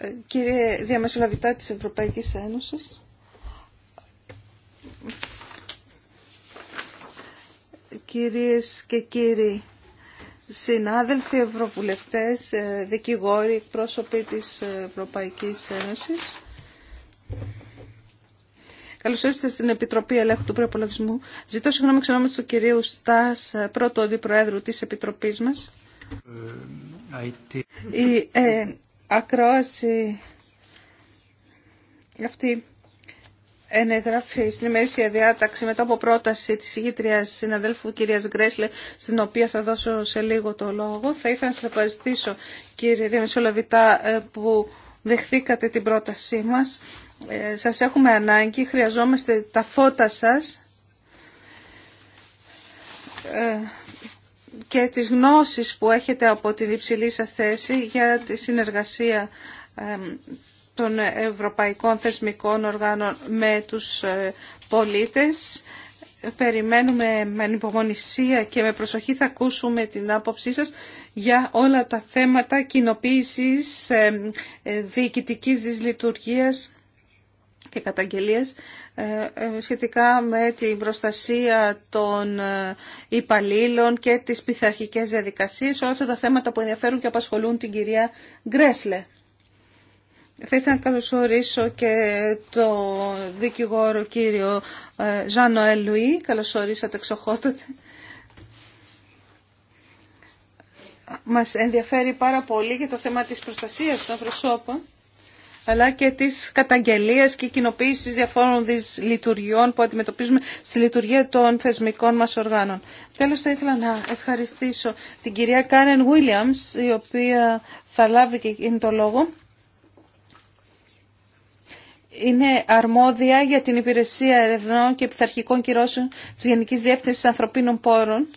Ε, κύριε Διαμεσολαβητά της Ευρωπαϊκής Ένωσης, κυρίες και κύριοι συνάδελφοι, ευρωβουλευτές, ε, δικηγόροι, εκπρόσωποι της Ευρωπαϊκής Ένωσης, Καλώ ήρθατε στην Επιτροπή Ελέγχου του Προπολογισμού. Ζητώ συγγνώμη ξανά του κυρίου Στά, ε, πρώτο αντιπροέδρου τη Επιτροπή μα. Η ε, ακρόαση αυτή ενεγράφει στην ημερήσια διάταξη μετά από πρόταση της ηγήτριας συναδέλφου κυρίας Γκρέσλε, στην οποία θα δώσω σε λίγο το λόγο. Θα ήθελα να σας ευχαριστήσω κύριε Διαμεσολαβητά ε, που δεχθήκατε την πρότασή μας. Ε, σας έχουμε ανάγκη, χρειαζόμαστε τα φώτα σας ε, και τις γνώσεις που έχετε από την υψηλή σας θέση για τη συνεργασία των ευρωπαϊκών θεσμικών οργάνων με τους ε, πολίτες. Περιμένουμε με ανυπομονησία και με προσοχή θα ακούσουμε την άποψή σας για όλα τα θέματα κοινοποίησης, ε, διοικητικής δυσλειτουργίας και καταγγελίες ε, ε, σχετικά με την προστασία των ε, υπαλλήλων και τις πειθαρχικέ διαδικασίες, όλα αυτά τα θέματα που ενδιαφέρουν και απασχολούν την κυρία Γκρέσλε. Θα ήθελα να καλωσορίσω και το δικηγόρο κύριο Ζάνο Νοέλ Λουί. Καλωσορίσατε εξοχότατε. Μας ενδιαφέρει πάρα πολύ και το θέμα της προστασίας των προσώπων αλλά και τις καταγγελίες και κοινοποίησης διαφόρων λειτουργιών που αντιμετωπίζουμε στη λειτουργία των θεσμικών μας οργάνων. Τέλος θα ήθελα να ευχαριστήσω την κυρία Κάρεν Βίλιαμς, η οποία θα λάβει και είναι το λόγο. Είναι αρμόδια για την υπηρεσία ερευνών και επιθαρχικών κυρώσεων της Γενικής Διεύθυνσης Ανθρωπίνων Πόρων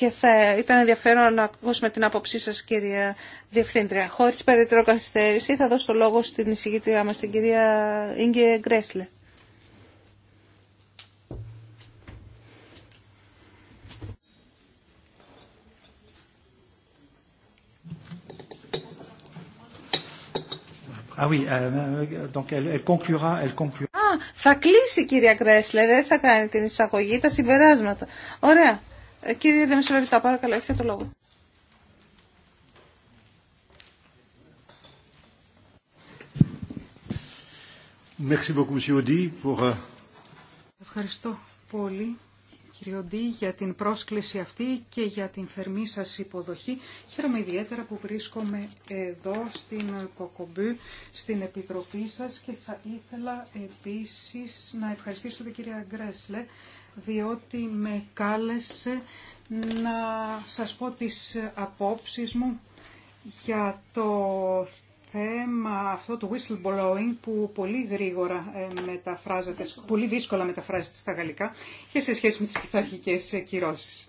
και θα ήταν ενδιαφέρον να ακούσουμε την άποψή σας κυρία Διευθύντρια. Χωρίς περαιτέρω καθυστέρηση θα δώσω το λόγο στην εισηγήτριά μας, την κυρία Ίγκε Γκρέσλε. Ah oui, euh, donc elle, conclura, elle conclura. Α, θα κλείσει κυρία Γκρέσλε, δεν θα κάνει την εισαγωγή, τα συμπεράσματα. Ωραία. Ε, κύριε Δημοσιολογητά, παρακαλώ, έχετε το λόγο. Euh, Ευχαριστώ πολύ, κύριε Οντή, για την πρόσκληση αυτή και για την θερμή σας υποδοχή. Χαίρομαι ιδιαίτερα που βρίσκομαι εδώ στην Κοκομπή, στην Επιτροπή σας και θα ήθελα επίσης να ευχαριστήσω την κυρία Γκρέσλε διότι με κάλεσε να σας πω τις απόψεις μου για το θέμα αυτό του whistleblowing που πολύ γρήγορα ε, μεταφράζεται, πολύ δύσκολα μεταφράζεται στα γαλλικά και σε σχέση με τις πειθαρχικές κυρώσεις.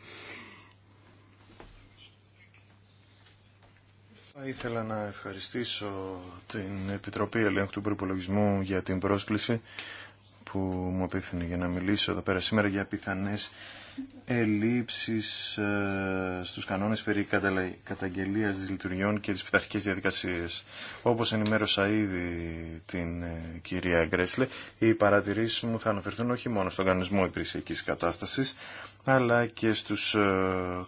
Θα ήθελα να ευχαριστήσω την Επιτροπή Ελέγχου του Προπολογισμού για την πρόσκληση που μου απίθυνε για να μιλήσω εδώ πέρα σήμερα για πιθανές ελλείψεις ε, στους κανόνες περί καταγγελίας λειτουργιών και τις πειθαρχικές διαδικασίες. Όπως ενημέρωσα ήδη την ε, κυρία Γκρέσλε, οι παρατηρήσεις μου θα αναφερθούν όχι μόνο στον κανονισμό υπηρεσιακής κατάστασης, αλλά και στους ε,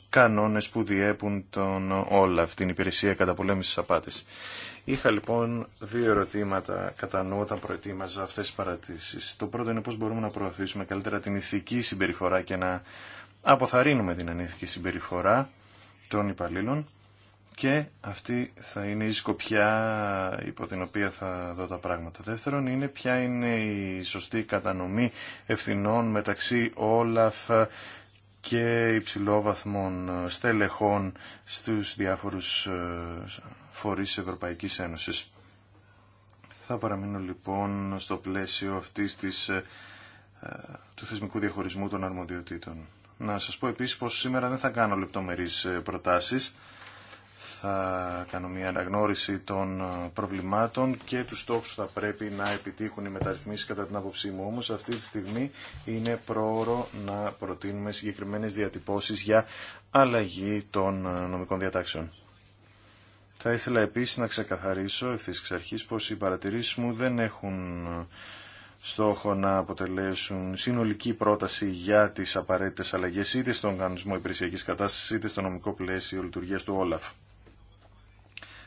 κανόνες που διέπουν τον αυτή την υπηρεσία κατά πολέμησης απάτης. Είχα λοιπόν δύο ερωτήματα κατά νου όταν προετοίμαζα αυτές τι παρατήσεις. Το πρώτο είναι πώς μπορούμε να προωθήσουμε καλύτερα την ηθική συμπεριφορά και να αποθαρρύνουμε την ανήθικη συμπεριφορά των υπαλλήλων και αυτή θα είναι η σκοπιά υπό την οποία θα δω τα πράγματα. Δεύτερον είναι ποια είναι η σωστή κατανομή ευθυνών μεταξύ Όλαφ και υψηλόβαθμων στελεχών στους διάφορους ε, φορείς της Ευρωπαϊκής Ένωσης. Θα παραμείνω λοιπόν στο πλαίσιο αυτής της, ε, του θεσμικού διαχωρισμού των αρμοδιοτήτων. Να σας πω επίσης πως σήμερα δεν θα κάνω λεπτομερείς ε, προτάσεις. Θα κάνω μια αναγνώριση των ε, προβλημάτων και του στόχου που θα πρέπει να επιτύχουν οι μεταρρυθμίσεις κατά την άποψή μου. Όμως αυτή τη στιγμή είναι πρόωρο να προτείνουμε συγκεκριμένες διατυπώσεις για αλλαγή των νομικών διατάξεων. Θα ήθελα επίσης να ξεκαθαρίσω ευθύς εξ αρχής πως οι παρατηρήσεις μου δεν έχουν ε, στόχο να αποτελέσουν συνολική πρόταση για τις απαραίτητες αλλαγές είτε στον κανονισμό υπηρεσιακής κατάστασης είτε στο νομικό πλαίσιο λειτουργίας του Όλαφ.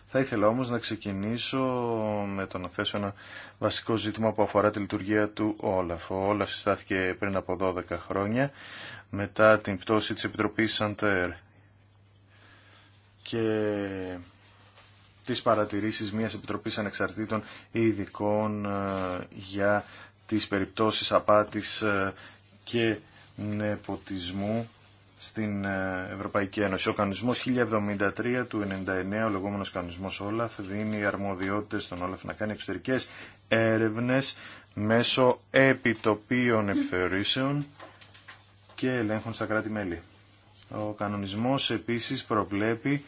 Θα ήθελα όμως να ξεκινήσω με το να θέσω ένα βασικό ζήτημα που αφορά τη λειτουργία του Όλαφ. Ο Όλαφ συστάθηκε πριν από 12 χρόνια μετά την πτώση της Επιτροπής Σαντέρ. Και τις παρατηρήσεις μιας Επιτροπής Ανεξαρτήτων Ειδικών ε, για τις περιπτώσεις απάτης ε, και νεποτισμού στην ε, Ευρωπαϊκή Ένωση. Ο κανονισμός 1073 του 99, ο λεγόμενος κανονισμός Όλαφ, δίνει αρμοδιότητες στον Όλαφ να κάνει εξωτερικές έρευνες μέσω επιτοπίων επιθεωρήσεων και ελέγχων στα κράτη-μέλη. Ο κανονισμός επίσης προβλέπει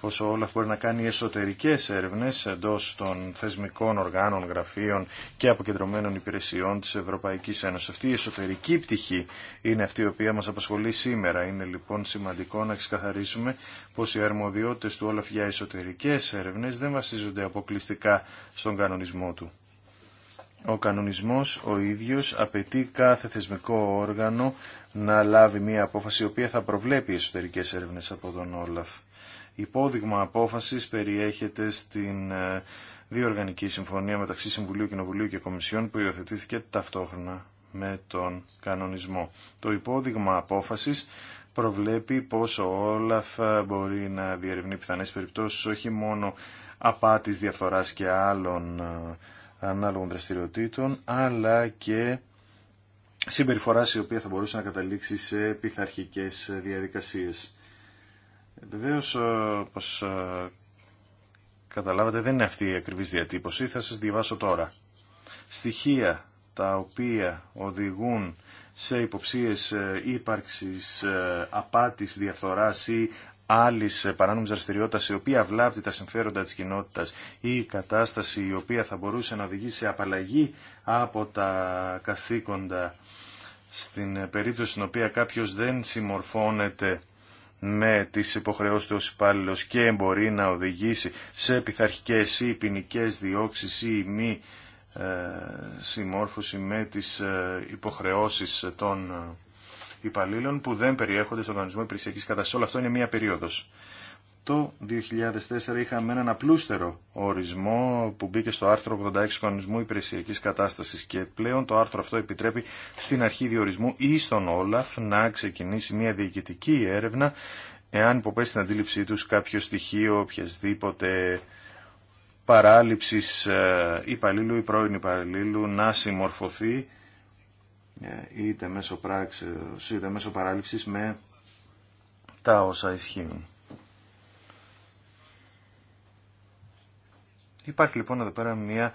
πως ο Όλαφ μπορεί να κάνει εσωτερικές έρευνες εντός των θεσμικών οργάνων, γραφείων και αποκεντρωμένων υπηρεσιών της Ευρωπαϊκής Ένωσης. Αυτή η εσωτερική πτυχή είναι αυτή η οποία μας απασχολεί σήμερα. Είναι λοιπόν σημαντικό να ξεκαθαρίσουμε πως οι αρμοδιότητες του Όλαφ για εσωτερικές έρευνες δεν βασίζονται αποκλειστικά στον κανονισμό του. Ο κανονισμός ο ίδιος απαιτεί κάθε θεσμικό όργανο να λάβει μια απόφαση η οποία θα προβλέπει εσωτερικές έρευνες από τον Όλαφ υπόδειγμα απόφασης περιέχεται στην ε, διοργανική συμφωνία μεταξύ Συμβουλίου, Κοινοβουλίου και Κομισιών που υιοθετήθηκε ταυτόχρονα με τον κανονισμό. Το υπόδειγμα απόφασης προβλέπει πως ο Όλαφ ε, μπορεί να διερευνεί πιθανές περιπτώσεις όχι μόνο απάτης, διαφθοράς και άλλων ε, ανάλογων δραστηριοτήτων, αλλά και συμπεριφοράς η οποία θα μπορούσε να καταλήξει σε πειθαρχικές διαδικασίες. Βεβαίω, ε, όπω ε, καταλάβατε, δεν είναι αυτή η ακριβή διατύπωση. Θα σα διαβάσω τώρα. Στοιχεία τα οποία οδηγούν σε υποψίες ε, ύπαρξης απάτης, διαφθοράς ή άλλη παράνομη δραστηριότητα η οποία βλάπτει τα συμφέροντα τη κοινότητα ή η κατάσταση η οποία θα μπορούσε να οδηγήσει σε απαλλαγή από τα καθήκοντα στην περίπτωση στην οποία κάποιο δεν συμμορφώνεται με τις υποχρεώσεις του ως υπάλληλο και μπορεί να οδηγήσει σε πειθαρχικές ή ποινικέ διώξεις ή μη ε, συμμόρφωση με τις ε, υποχρεώσεις των ε, υπαλλήλων που δεν περιέχονται στον οργανισμό υπηρεσιακής κατάστασης. Όλο αυτό είναι μία περίοδος το 2004 είχαμε έναν απλούστερο ορισμό που μπήκε στο άρθρο 86 κανονισμού υπηρεσιακή κατάστασης και πλέον το άρθρο αυτό επιτρέπει στην αρχή διορισμού ή στον Όλαφ να ξεκινήσει μια διοικητική έρευνα εάν υποπέσει στην αντίληψή τους κάποιο στοιχείο οποιασδήποτε παράληψης ε, υπαλλήλου ή πρώην υπαλλήλου να συμμορφωθεί ε, είτε μέσω είτε μέσω παράληψης με τα όσα ισχύουν. Υπάρχει λοιπόν εδώ πέρα μια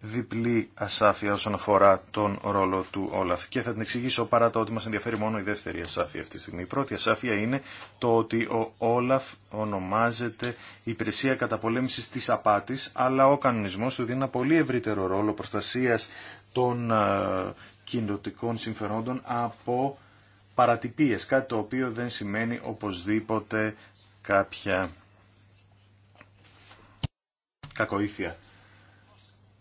διπλή ασάφεια όσον αφορά τον ρόλο του Όλαφ. Και θα την εξηγήσω παρά το ότι μας ενδιαφέρει μόνο η δεύτερη ασάφεια αυτή τη στιγμή. Η πρώτη ασάφεια είναι το ότι ο Όλαφ ονομάζεται Υπηρεσία Καταπολέμησης της Απάτης, αλλά ο κανονισμός του δίνει ένα πολύ ευρύτερο ρόλο προστασίας των ε, κοινωτικών συμφερόντων από παρατυπίες, κάτι το οποίο δεν σημαίνει οπωσδήποτε κάποια κακοήθεια.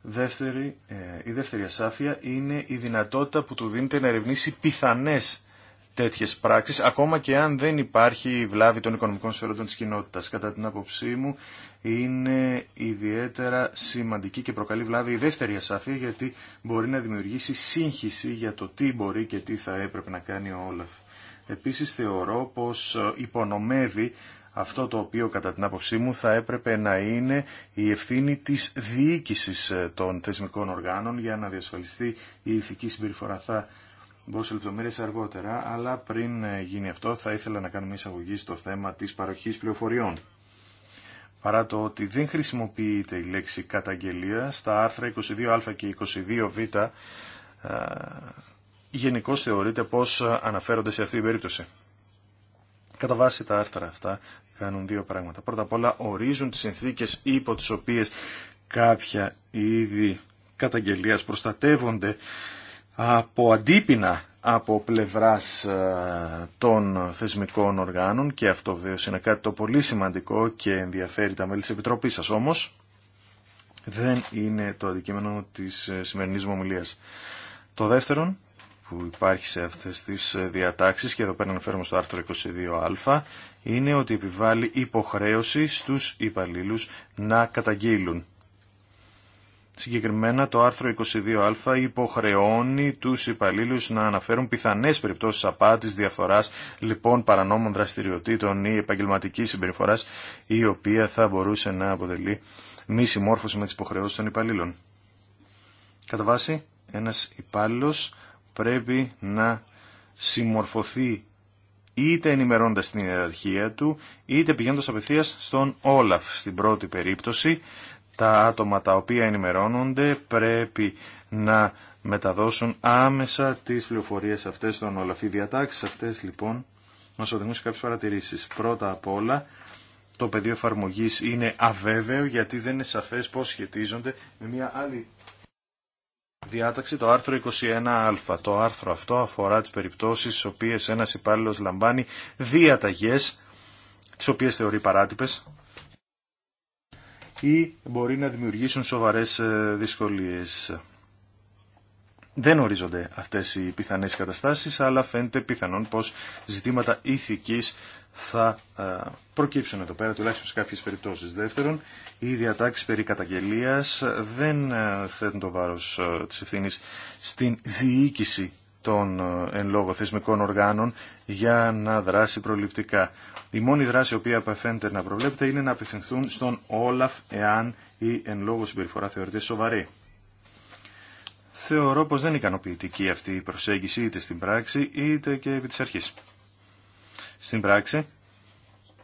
Δεύτερη, ε, η δεύτερη ασάφεια είναι η δυνατότητα που του δίνεται να ερευνήσει πιθανές τέτοιες πράξεις, ακόμα και αν δεν υπάρχει βλάβη των οικονομικών σφαιρών της κοινότητας. Κατά την άποψή μου είναι ιδιαίτερα σημαντική και προκαλεί βλάβη η δεύτερη ασάφεια, γιατί μπορεί να δημιουργήσει σύγχυση για το τι μπορεί και τι θα έπρεπε να κάνει ο Όλαφ. Επίσης θεωρώ πως υπονομεύει αυτό το οποίο κατά την άποψή μου θα έπρεπε να είναι η ευθύνη της διοίκησης ε, των θεσμικών οργάνων για να διασφαλιστεί η ηθική συμπεριφορά. Θα μπω σε λεπτομέρειες αργότερα, αλλά πριν ε, γίνει αυτό θα ήθελα να κάνουμε εισαγωγή στο θέμα της παροχής πληροφοριών. Παρά το ότι δεν χρησιμοποιείται η λέξη καταγγελία, στα άρθρα 22α και 22β ε, γενικώ θεωρείται πως αναφέρονται σε αυτή την περίπτωση. Κατά βάση τα άρθρα αυτά κάνουν δύο πράγματα. Πρώτα απ' όλα ορίζουν τις συνθήκες υπό τις οποίες κάποια είδη καταγγελίας προστατεύονται από αντίπεινα από πλευράς ε, των θεσμικών οργάνων και αυτό βέβαια είναι κάτι το πολύ σημαντικό και ενδιαφέρει τα μέλη της Επιτροπής σας όμως δεν είναι το αντικείμενο της σημερινής μου ομιλίας. Το δεύτερον που υπάρχει σε αυτές τις ε, διατάξεις και εδώ πέρα αναφέρομαι στο άρθρο 22α είναι ότι επιβάλλει υποχρέωση στους υπαλλήλου να καταγγείλουν. Συγκεκριμένα το άρθρο 22α υποχρεώνει τους υπαλλήλους να αναφέρουν πιθανές περιπτώσεις απάτης, διαφθοράς, λοιπόν παρανόμων δραστηριοτήτων ή επαγγελματικής συμπεριφοράς η οποία θα μπορούσε να αποτελεί μη συμμόρφωση με τις υποχρεώσεις των υπαλλήλων. Κατά βάση, ένας υπάλληλο πρέπει να συμμορφωθεί είτε ενημερώνοντας την ιεραρχία του, είτε πηγαίνοντας απευθείας στον Όλαφ. Στην πρώτη περίπτωση, τα άτομα τα οποία ενημερώνονται πρέπει να μεταδώσουν άμεσα τις πληροφορίες αυτές στον Όλαφ. Οι διατάξεις αυτές λοιπόν μας οδηγούν σε κάποιες παρατηρήσεις. Πρώτα απ' όλα, το πεδίο εφαρμογή είναι αβέβαιο γιατί δεν είναι σαφές πώς σχετίζονται με μια άλλη διάταξη το άρθρο 21α. Το άρθρο αυτό αφορά τις περιπτώσεις στις οποίες ένας υπάλληλος λαμβάνει διαταγές, τις οποίες θεωρεί παράτυπες, ή μπορεί να δημιουργήσουν σοβαρές ε, δυσκολίες. Δεν ορίζονται αυτές οι πιθανές καταστάσεις, αλλά φαίνεται πιθανόν πως ζητήματα ηθικής θα ε, προκύψουν εδώ πέρα, τουλάχιστον σε κάποιες περιπτώσεις. Δεύτερον, η διατάξει περί καταγγελίας δεν ε, θέτουν το βάρο ε, τη ευθύνη στην διοίκηση των ε, εν λόγω θεσμικών οργάνων για να δράσει προληπτικά. Η μόνη δράση η οποία απεφαίνεται να προβλέπεται είναι να απευθυνθούν στον Όλαφ εάν η εν λόγω συμπεριφορά θεωρείται σοβαρή. Θεωρώ πως δεν είναι ικανοποιητική αυτή η προσέγγιση είτε στην πράξη είτε και επί της αρχής. Στην πράξη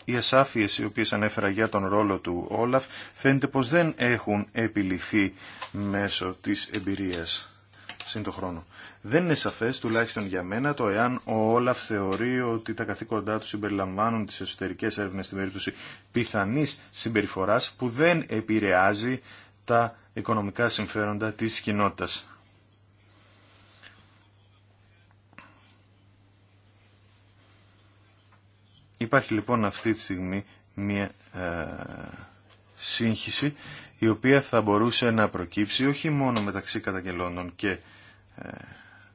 οι ασάφειες οι οποίες ανέφερα για τον ρόλο του Όλαφ φαίνεται πως δεν έχουν επιληθεί μέσω της εμπειρίας σύν χρόνο. Δεν είναι σαφέ, τουλάχιστον για μένα, το εάν ο Όλαφ θεωρεί ότι τα καθήκοντά του συμπεριλαμβάνουν τι εσωτερικέ έρευνε στην περίπτωση πιθανή συμπεριφορά που δεν επηρεάζει τα οικονομικά συμφέροντα τη κοινότητα. Υπάρχει λοιπόν αυτή τη στιγμή μια ε, σύγχυση η οποία θα μπορούσε να προκύψει όχι μόνο μεταξύ καταγγελόντων και ε,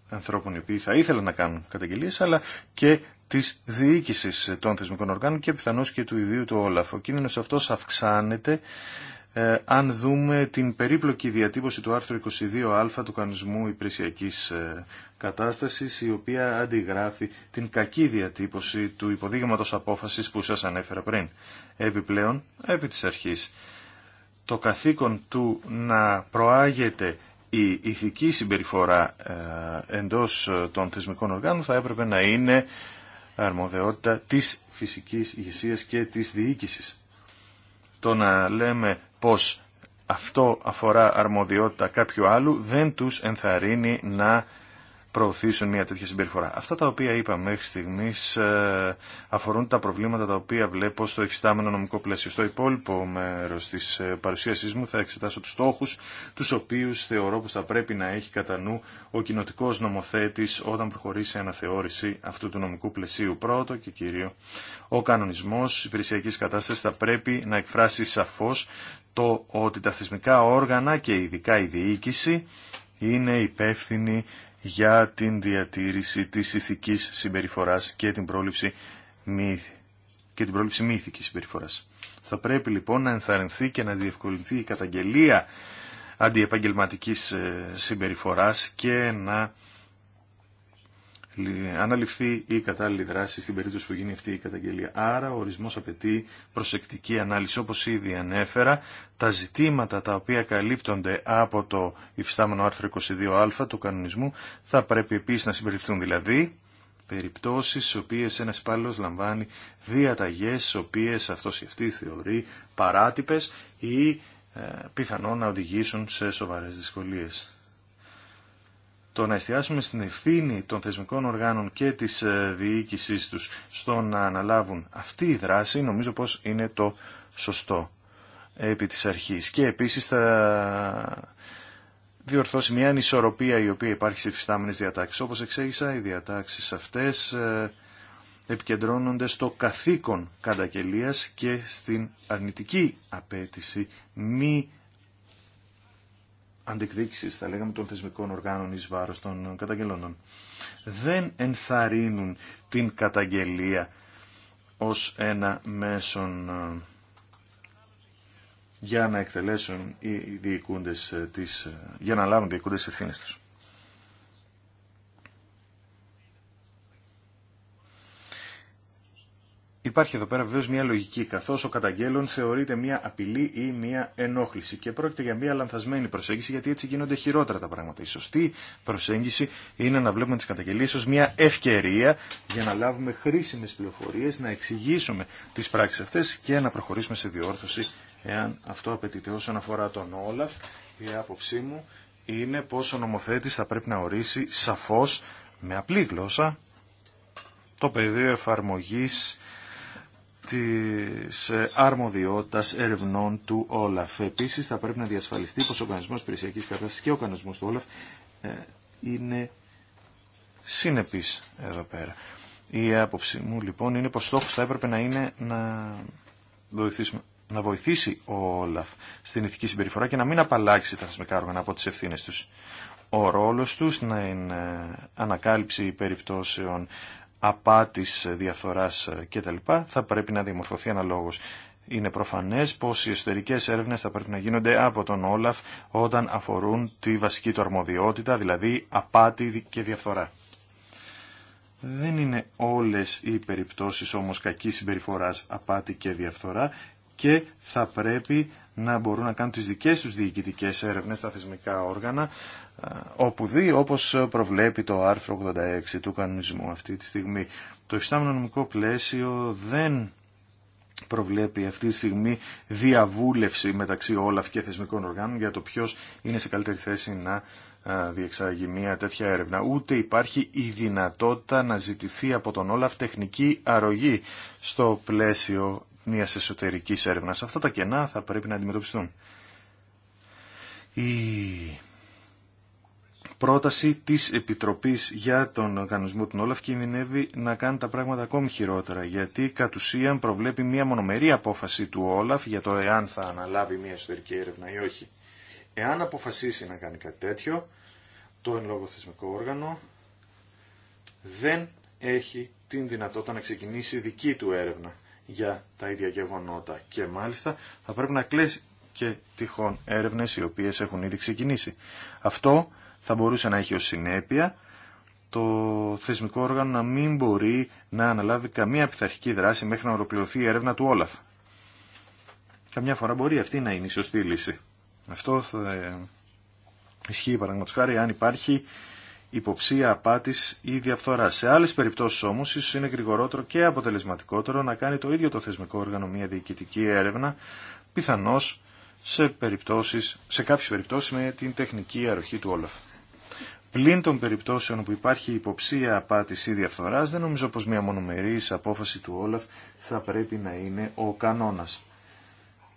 ανθρώπων οι οποίοι θα ήθελαν να κάνουν καταγγελίες αλλά και της διοίκηση των θεσμικών οργάνων και πιθανώς και του ιδίου του Όλαφ. Ο κίνδυνος αυτός αυξάνεται ε, αν δούμε την περίπλοκη διατύπωση του άρθρου 22α του κανονισμού υπηρεσιακής ε, κατάστασης, η οποία αντιγράφει την κακή διατύπωση του υποδείγματος απόφασης που σας ανέφερα πριν. Επιπλέον, επί της αρχής, το καθήκον του να προάγεται η ηθική συμπεριφορά ε, εντός ε, των θεσμικών οργάνων θα έπρεπε να είναι αρμοδεότητα της φυσικής ηγεσία και της διοίκησης το να λέμε πως αυτό αφορά αρμοδιότητα κάποιου άλλου δεν τους ενθαρρύνει να προωθήσουν μια τέτοια συμπεριφορά. Αυτά τα οποία είπα μέχρι στιγμή ε, αφορούν τα προβλήματα τα οποία βλέπω στο εφιστάμενο νομικό πλαίσιο. Στο υπόλοιπο μέρο τη ε, παρουσίασή μου θα εξετάσω του στόχου, του οποίου θεωρώ πω θα πρέπει να έχει κατά νου ο κοινοτικό νομοθέτη όταν προχωρήσει αναθεώρηση αυτού του νομικού πλαισίου. Πρώτο και κύριο, ο κανονισμό υπηρεσιακή κατάσταση θα πρέπει να εκφράσει σαφώ το ότι τα θεσμικά όργανα και ειδικά η διοίκηση είναι υπεύθυνοι για την διατήρηση της ηθικής συμπεριφοράς και την πρόληψη μη, και την πρόληψη μη συμπεριφοράς. Θα πρέπει λοιπόν να ενθαρρυνθεί και να διευκολυνθεί η καταγγελία αντιεπαγγελματικής ε, συμπεριφοράς και να αναλυφθεί η κατάλληλη δράση στην περίπτωση που γίνει αυτή η καταγγελία. Άρα ο ορισμός απαιτεί προσεκτική ανάλυση. Όπως ήδη ανέφερα, τα ζητήματα τα οποία καλύπτονται από το υφιστάμενο άρθρο 22α του κανονισμού θα πρέπει επίσης να συμπεριληφθούν δηλαδή περιπτώσεις στις οποίες ένας υπάλληλος λαμβάνει διαταγές στις οποίες αυτός ή αυτή θεωρεί παράτυπες ή ε, πιθανόν να οδηγήσουν σε σοβαρές δυσκολίες το να εστιάσουμε στην ευθύνη των θεσμικών οργάνων και της ε, διοίκησής τους στο να αναλάβουν αυτή η δράση νομίζω πως είναι το σωστό επί της αρχής. Και επίσης θα διορθώσει μια ανισορροπία η οποία υπάρχει σε φυστάμενες διατάξεις. Όπως εξέγησα, οι διατάξεις αυτές ε, επικεντρώνονται στο καθήκον καταγγελίας και στην αρνητική απέτηση μη αντικδίκηση, θα λέγαμε, των θεσμικών οργάνων ει βάρο των καταγγελόντων. Δεν ενθαρρύνουν την καταγγελία ω ένα μέσο ε, για να εκτελέσουν οι διοικούντες ε, της, ε, για να λάβουν διοικούντες ευθύνες τους. Υπάρχει εδώ πέρα βεβαίω μια λογική, καθώ ο καταγγέλων θεωρείται μια απειλή ή μια ενόχληση. Και πρόκειται για μια λανθασμένη προσέγγιση, γιατί έτσι γίνονται χειρότερα τα πράγματα. Η σωστή προσέγγιση είναι να βλέπουμε τι καταγγελίε ω μια ευκαιρία για να λάβουμε χρήσιμε πληροφορίε, να εξηγήσουμε τι πράξει αυτέ και να προχωρήσουμε σε διόρθωση, εάν αυτό απαιτείται. Όσον αφορά τον Όλαφ, η άποψή μου είναι πω ο νομοθέτη θα πρέπει να ορίσει σαφώ, με απλή γλώσσα, το πεδίο εφαρμογής της ε, αρμοδιότητας ερευνών του Όλαφ. Επίσης θα πρέπει να διασφαλιστεί πως ο κανονισμός περισσιακής κατάστασης και ο κανονισμός του Όλαφ ε, είναι συνεπής εδώ πέρα. Η άποψη μου λοιπόν είναι πως στόχος θα έπρεπε να είναι να, να βοηθήσει ο Όλαφ στην ηθική συμπεριφορά και να μην απαλλάξει τα θεσμικά όργανα από τις ευθύνες τους. Ο ρόλος τους να είναι ανακάλυψη περιπτώσεων απάτης, ε, διαφθοράς ε, κτλ. θα πρέπει να διαμορφωθεί αναλόγως. Είναι προφανές πως οι εσωτερικές έρευνες θα πρέπει να γίνονται από τον Όλαφ όταν αφορούν τη βασική του αρμοδιότητα, δηλαδή απάτη και διαφθορά. Δεν είναι όλες οι περιπτώσεις όμως κακής συμπεριφοράς απάτη και διαφθορά και θα πρέπει να μπορούν να κάνουν τις δικές τους διοικητικές έρευνες στα θεσμικά όργανα ε, όπου δει, όπως προβλέπει το άρθρο 86 του κανονισμού αυτή τη στιγμή. Το υφιστάμενο νομικό πλαίσιο δεν προβλέπει αυτή τη στιγμή διαβούλευση μεταξύ όλαφ και θεσμικών οργάνων για το ποιο είναι σε καλύτερη θέση να ε, διεξάγει μια τέτοια έρευνα. Ούτε υπάρχει η δυνατότητα να ζητηθεί από τον Όλαφ τεχνική αρρωγή στο πλαίσιο μια εσωτερική έρευνα. Αυτά τα κενά θα πρέπει να αντιμετωπιστούν. Η πρόταση της Επιτροπής για τον οργανισμό του Όλαφ κινδυνεύει να κάνει τα πράγματα ακόμη χειρότερα, γιατί κατ' ουσίαν προβλέπει μια μονομερή απόφαση του Όλαφ για το εάν θα αναλάβει μια εσωτερική έρευνα ή όχι. Εάν αποφασίσει να κάνει κάτι τέτοιο, το εν λόγω θεσμικό όργανο δεν έχει την δυνατότητα να ξεκινήσει δική του έρευνα για τα ίδια γεγονότα. Και μάλιστα θα πρέπει να κλέσει και τυχόν έρευνες οι οποίες έχουν ήδη ξεκινήσει. Αυτό θα μπορούσε να έχει ω συνέπεια το θεσμικό όργανο να μην μπορεί να αναλάβει καμία πειθαρχική δράση μέχρι να ολοκληρωθεί η έρευνα του Όλαφ. Καμιά φορά μπορεί αυτή να είναι η σωστή λύση. Αυτό θα ε, ισχύει παραδείγματο χάρη αν υπάρχει υποψία απάτης ή διαφθορά. Σε άλλες περιπτώσεις όμω, ίσω είναι γρηγορότερο και αποτελεσματικότερο να κάνει το ίδιο το θεσμικό όργανο μια διοικητική έρευνα, πιθανώ σε, περιπτώσεις, σε κάποιες περιπτώσεις με την τεχνική αρρωχή του Όλαφ. Πλην των περιπτώσεων που υπάρχει υποψία απάτης ή διαφθορά, δεν νομίζω πω μια μονομερής απόφαση του Όλαφ θα πρέπει να είναι ο κανόνα.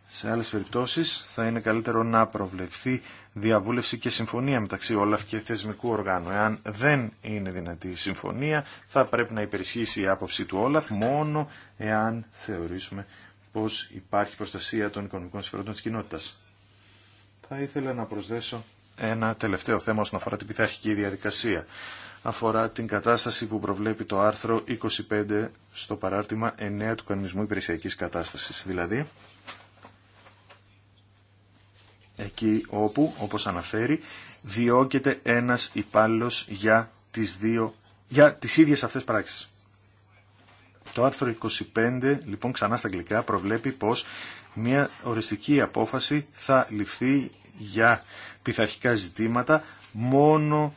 Σε άλλες περιπτώσεις θα είναι καλύτερο να προβλεφθεί διαβούλευση και συμφωνία μεταξύ Όλαφ και θεσμικού οργάνου. Εάν δεν είναι δυνατή η συμφωνία θα πρέπει να υπερισχύσει η άποψη του Όλαφ μόνο εάν θεωρήσουμε πως υπάρχει προστασία των οικονομικών συμφερόντων της κοινότητας. Θα ήθελα να προσθέσω ένα τελευταίο θέμα όσον αφορά την πειθαρχική διαδικασία. Αφορά την κατάσταση που προβλέπει το άρθρο 25 στο παράρτημα 9 του Κανονισμού Υπηρεσιακής Κατάστασης. Δηλαδή, εκεί όπου, όπως αναφέρει, διώκεται ένας υπάλληλο για τις, δύο, για τις ίδιες αυτές πράξεις. Το άρθρο 25, λοιπόν, ξανά στα αγγλικά, προβλέπει πως μια οριστική απόφαση θα ληφθεί για πειθαρχικά ζητήματα μόνο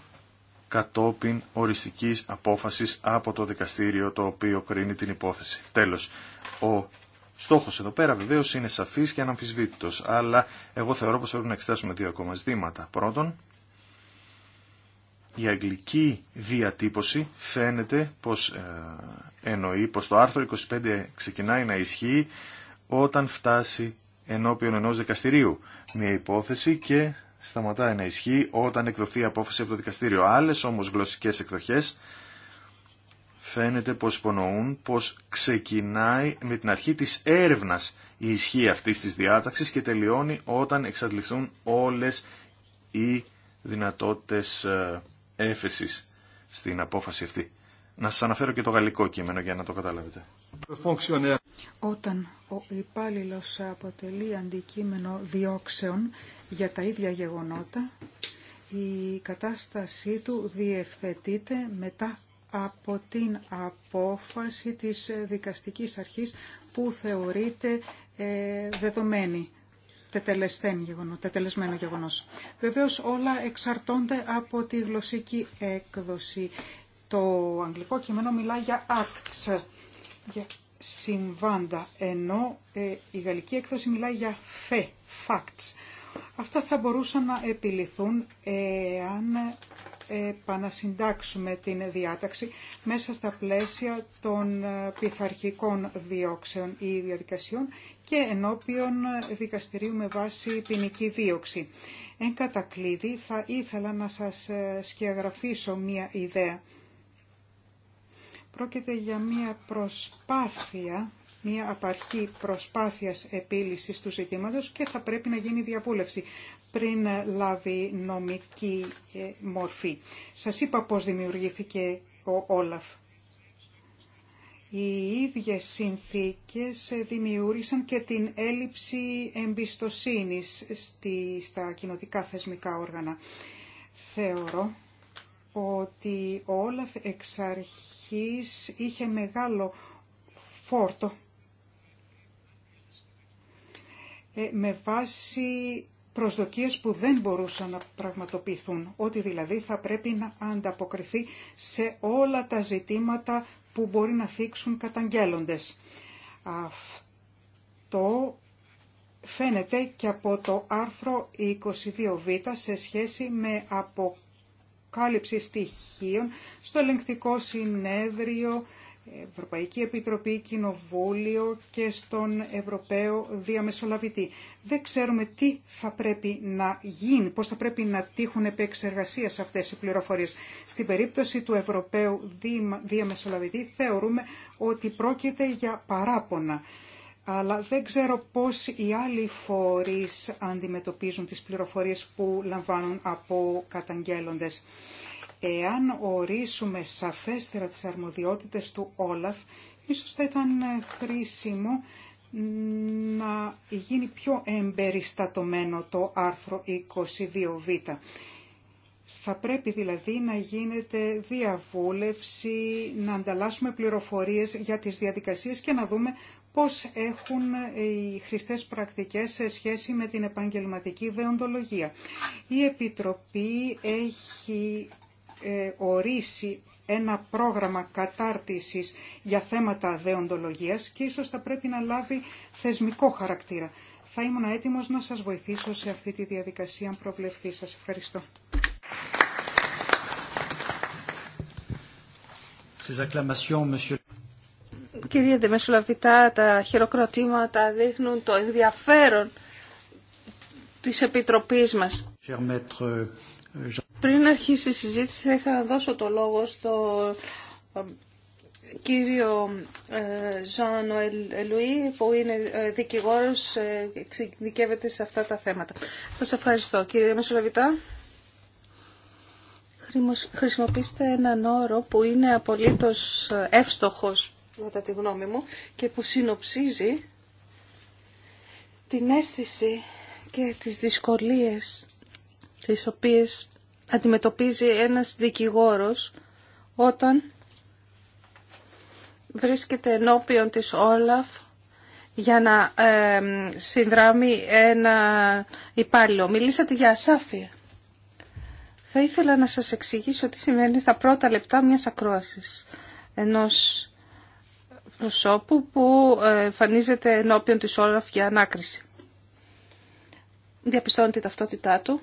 κατόπιν οριστικής απόφασης από το δικαστήριο το οποίο κρίνει την υπόθεση. Τέλος, ο Στόχος εδώ πέρα βεβαίως είναι σαφής και αναμφισβήτητο, αλλά εγώ θεωρώ πως πρέπει να εξετάσουμε δύο ακόμα ζητήματα. Πρώτον, η αγγλική διατύπωση φαίνεται πως ε, εννοεί πως το άρθρο 25 ξεκινάει να ισχύει όταν φτάσει ενώπιον ενός δικαστηρίου μια υπόθεση και σταματάει να ισχύει όταν εκδοθεί απόφαση από το δικαστήριο. Άλλε όμω γλωσσικέ εκδοχέ φαίνεται πως υπονοούν πως ξεκινάει με την αρχή της έρευνας η ισχύ αυτής της διάταξης και τελειώνει όταν εξαντληθούν όλες οι δυνατότητες ε, έφεσης στην απόφαση αυτή. Να σας αναφέρω και το γαλλικό κείμενο για να το καταλάβετε. Όταν ο υπάλληλο αποτελεί αντικείμενο διώξεων για τα ίδια γεγονότα, η κατάστασή του διευθετείται μετά από την απόφαση της δικαστικής αρχής που θεωρείται ε, δεδομένη, γεγονό, τετελεσμένο γεγονός. Βεβαίως όλα εξαρτώνται από τη γλωσσική έκδοση. Το αγγλικό κείμενο μιλά για acts, για συμβάντα, ενώ ε, η γαλλική έκδοση μιλάει για fe, facts. Αυτά θα μπορούσαν να επιληθούν εάν επανασυντάξουμε την διάταξη μέσα στα πλαίσια των ε, πειθαρχικών διώξεων ή διαδικασιών και ενώπιον δικαστηρίου με βάση ποινική δίωξη. Εν κατακλείδη θα ήθελα να σας ε, σκιαγραφίσω μία ιδέα. Πρόκειται για μία προσπάθεια μια απαρχή προσπάθειας επίλυσης του ζητήματος και θα πρέπει να γίνει διαβούλευση πριν λάβει νομική ε, μορφή. Σας είπα πώς δημιουργήθηκε ο Όλαφ. Οι ίδιες συνθήκες δημιούργησαν και την έλλειψη εμπιστοσύνης στη, στα κοινοτικά θεσμικά όργανα. Θεωρώ ότι ο Όλαφ εξ αρχής είχε μεγάλο φόρτο ε, με βάση προσδοκίες που δεν μπορούσαν να πραγματοποιηθούν, ότι δηλαδή θα πρέπει να ανταποκριθεί σε όλα τα ζητήματα που μπορεί να θίξουν καταγγέλλοντες. Αυτό φαίνεται και από το άρθρο 22β σε σχέση με αποκάλυψη στοιχείων στο ελεγκτικό συνέδριο, Ευρωπαϊκή Επιτροπή, Κοινοβούλιο και στον Ευρωπαίο Διαμεσολαβητή δεν ξέρουμε τι θα πρέπει να γίνει, πώς θα πρέπει να τύχουν σε αυτές οι πληροφορίες. Στην περίπτωση του Ευρωπαίου Διαμεσολαβητή θεωρούμε ότι πρόκειται για παράπονα. Αλλά δεν ξέρω πώς οι άλλοι φορείς αντιμετωπίζουν τις πληροφορίες που λαμβάνουν από καταγγέλλοντες. Εάν ορίσουμε σαφέστερα τις αρμοδιότητες του Όλαφ, ίσως θα ήταν χρήσιμο να γίνει πιο εμπεριστατωμένο το άρθρο 22β. Θα πρέπει δηλαδή να γίνεται διαβούλευση, να ανταλλάσσουμε πληροφορίες για τις διαδικασίες και να δούμε πώς έχουν οι χρηστές πρακτικές σε σχέση με την επαγγελματική δεοντολογία. Η Επιτροπή έχει ε, ορίσει ένα πρόγραμμα κατάρτισης για θέματα δεοντολογίας και ίσως θα πρέπει να λάβει θεσμικό χαρακτήρα. Θα ήμουν έτοιμος να σας βοηθήσω σε αυτή τη διαδικασία αν προβλεφθεί. Σας ευχαριστώ. Κύριε Δεμεσουλαβητά, τα χειροκροτήματα δείχνουν το ενδιαφέρον της Επιτροπής μας. Euh, πριν αρχίσει η συζήτηση θα ήθελα να δώσω το λόγο στο ε, κύριο Ζωάνο ε, Λουί που είναι ε, δικηγόρος και εξειδικεύεται σε αυτά τα θέματα. Σας ευχαριστώ. Κύριε Μεσολαβητά, χρησιμοποιήστε έναν όρο που είναι απολύτως εύστοχος κατά τη γνώμη μου και που συνοψίζει την αίσθηση και τις δυσκολίες τις οποίες αντιμετωπίζει ένας δικηγόρος όταν βρίσκεται ενώπιον της Όλαφ για να συνδράμει ένα υπάλληλο. Μιλήσατε για ασάφεια. Θα ήθελα να σας εξηγήσω τι σημαίνει τα πρώτα λεπτά μιας ακρόασης ενός προσώπου που ε, εμφανίζεται ενώπιον της Όλαφ για ανάκριση. Διαπιστώνει τη ταυτότητά του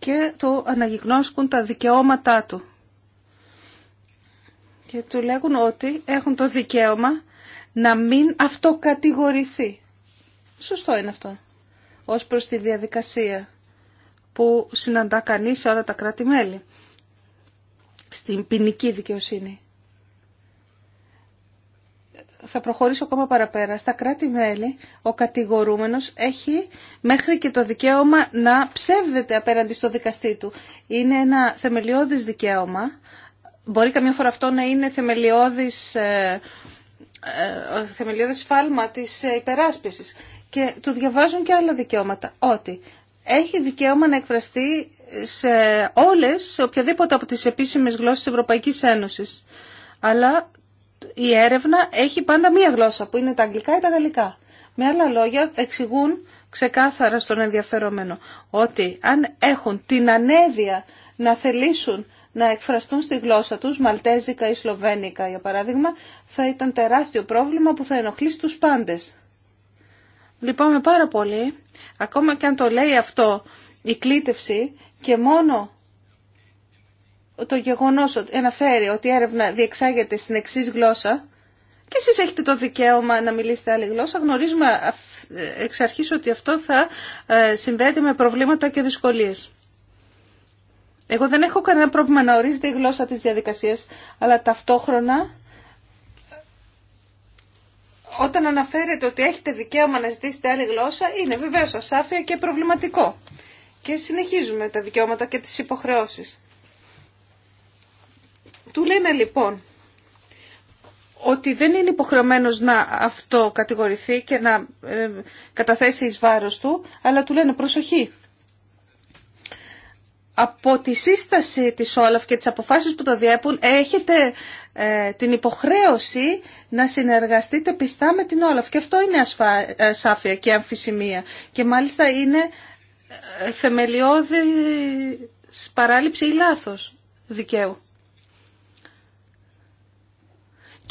και του αναγυγνώσκουν τα δικαιώματά του. Και του λέγουν ότι έχουν το δικαίωμα να μην αυτοκατηγορηθεί. Σωστό είναι αυτό. Ως προς τη διαδικασία που συναντά κανείς σε όλα τα κράτη-μέλη. Στην ποινική δικαιοσύνη θα προχωρήσω ακόμα παραπέρα. Στα κράτη-μέλη ο κατηγορούμενος έχει μέχρι και το δικαίωμα να ψεύδεται απέναντι στο δικαστή του. Είναι ένα θεμελιώδης δικαίωμα. Μπορεί καμιά φορά αυτό να είναι θεμελιώδης, ε, ε, θεμελιώδης φάλμα της ε, υπεράσπισης. Και του διαβάζουν και άλλα δικαιώματα. Ότι έχει δικαίωμα να εκφραστεί σε όλες, σε οποιαδήποτε από τις επίσημες γλώσσες της Ευρωπαϊκής Ένωσης. Αλλά η έρευνα έχει πάντα μία γλώσσα που είναι τα αγγλικά ή τα γαλλικά. Με άλλα λόγια εξηγούν ξεκάθαρα στον ενδιαφερόμενο ότι αν έχουν την ανέδεια να θελήσουν να εκφραστούν στη γλώσσα τους, μαλτέζικα ή σλοβένικα για παράδειγμα, θα ήταν τεράστιο πρόβλημα που θα ενοχλήσει τους πάντες. Λυπάμαι πάρα πολύ, ακόμα και αν το λέει αυτό η κλήτευση και μόνο το γεγονός ότι αναφέρει ότι η έρευνα διεξάγεται στην εξή γλώσσα και εσείς έχετε το δικαίωμα να μιλήσετε άλλη γλώσσα. Γνωρίζουμε εξ αρχής ότι αυτό θα ε, συνδέεται με προβλήματα και δυσκολίες. Εγώ δεν έχω κανένα πρόβλημα να ορίζεται η γλώσσα της διαδικασίας, αλλά ταυτόχρονα όταν αναφέρετε ότι έχετε δικαίωμα να ζητήσετε άλλη γλώσσα, είναι βεβαίως ασάφεια και προβληματικό. Και συνεχίζουμε τα δικαιώματα και τις υποχρεώσεις. Του λένε λοιπόν ότι δεν είναι υποχρεωμένος να αυτό κατηγορηθεί και να ε, καταθέσει εις βάρος του, αλλά του λένε προσοχή. Από τη σύσταση της Όλαφ και τις αποφάσεις που το διέπουν έχετε ε, την υποχρέωση να συνεργαστείτε πιστά με την Όλαφ και αυτό είναι ασφα... Ε, και αμφισημία και μάλιστα είναι θεμελιώδη παράληψη ή λάθος δικαίου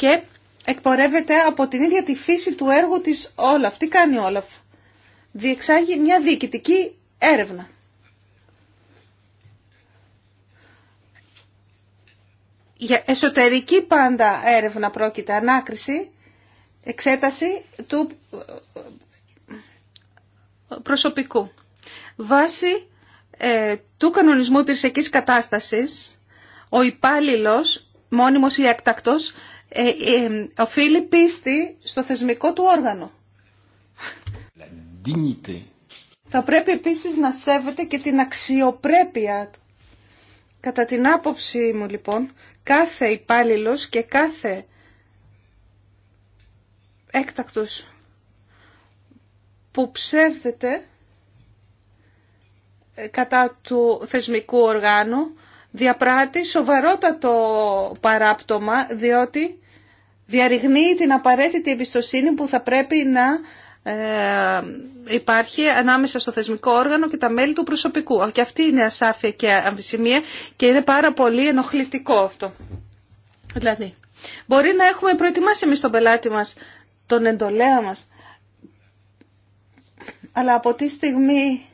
και εκπορεύεται από την ίδια τη φύση του έργου της Όλαφ. Τι κάνει η Όλαφ. Διεξάγει μια διοικητική έρευνα. Για εσωτερική πάντα έρευνα πρόκειται ανάκριση, εξέταση του ε, προσωπικού. Βάσει ε, του κανονισμού υπηρεσιακής κατάστασης, ο υπάλληλος, μόνιμος ή έκτακτος, ε, ε, οφείλει πίστη στο θεσμικό του όργανο. Θα πρέπει επίσης να σέβεται και την αξιοπρέπεια Κατά την άποψή μου λοιπόν, κάθε υπάλληλο και κάθε έκτακτος που ψεύδεται ε, κατά του θεσμικού οργάνου διαπράττει σοβαρότατο παράπτωμα διότι διαρριγνύει την απαραίτητη εμπιστοσύνη που θα πρέπει να ε, υπάρχει ανάμεσα στο θεσμικό όργανο και τα μέλη του προσωπικού. Και αυτή είναι ασάφεια και αμφισημία και είναι πάρα πολύ ενοχλητικό αυτό. Δηλαδή, μπορεί να έχουμε προετοιμάσει εμείς τον πελάτη μας, τον εντολέα μας, αλλά από τη στιγμή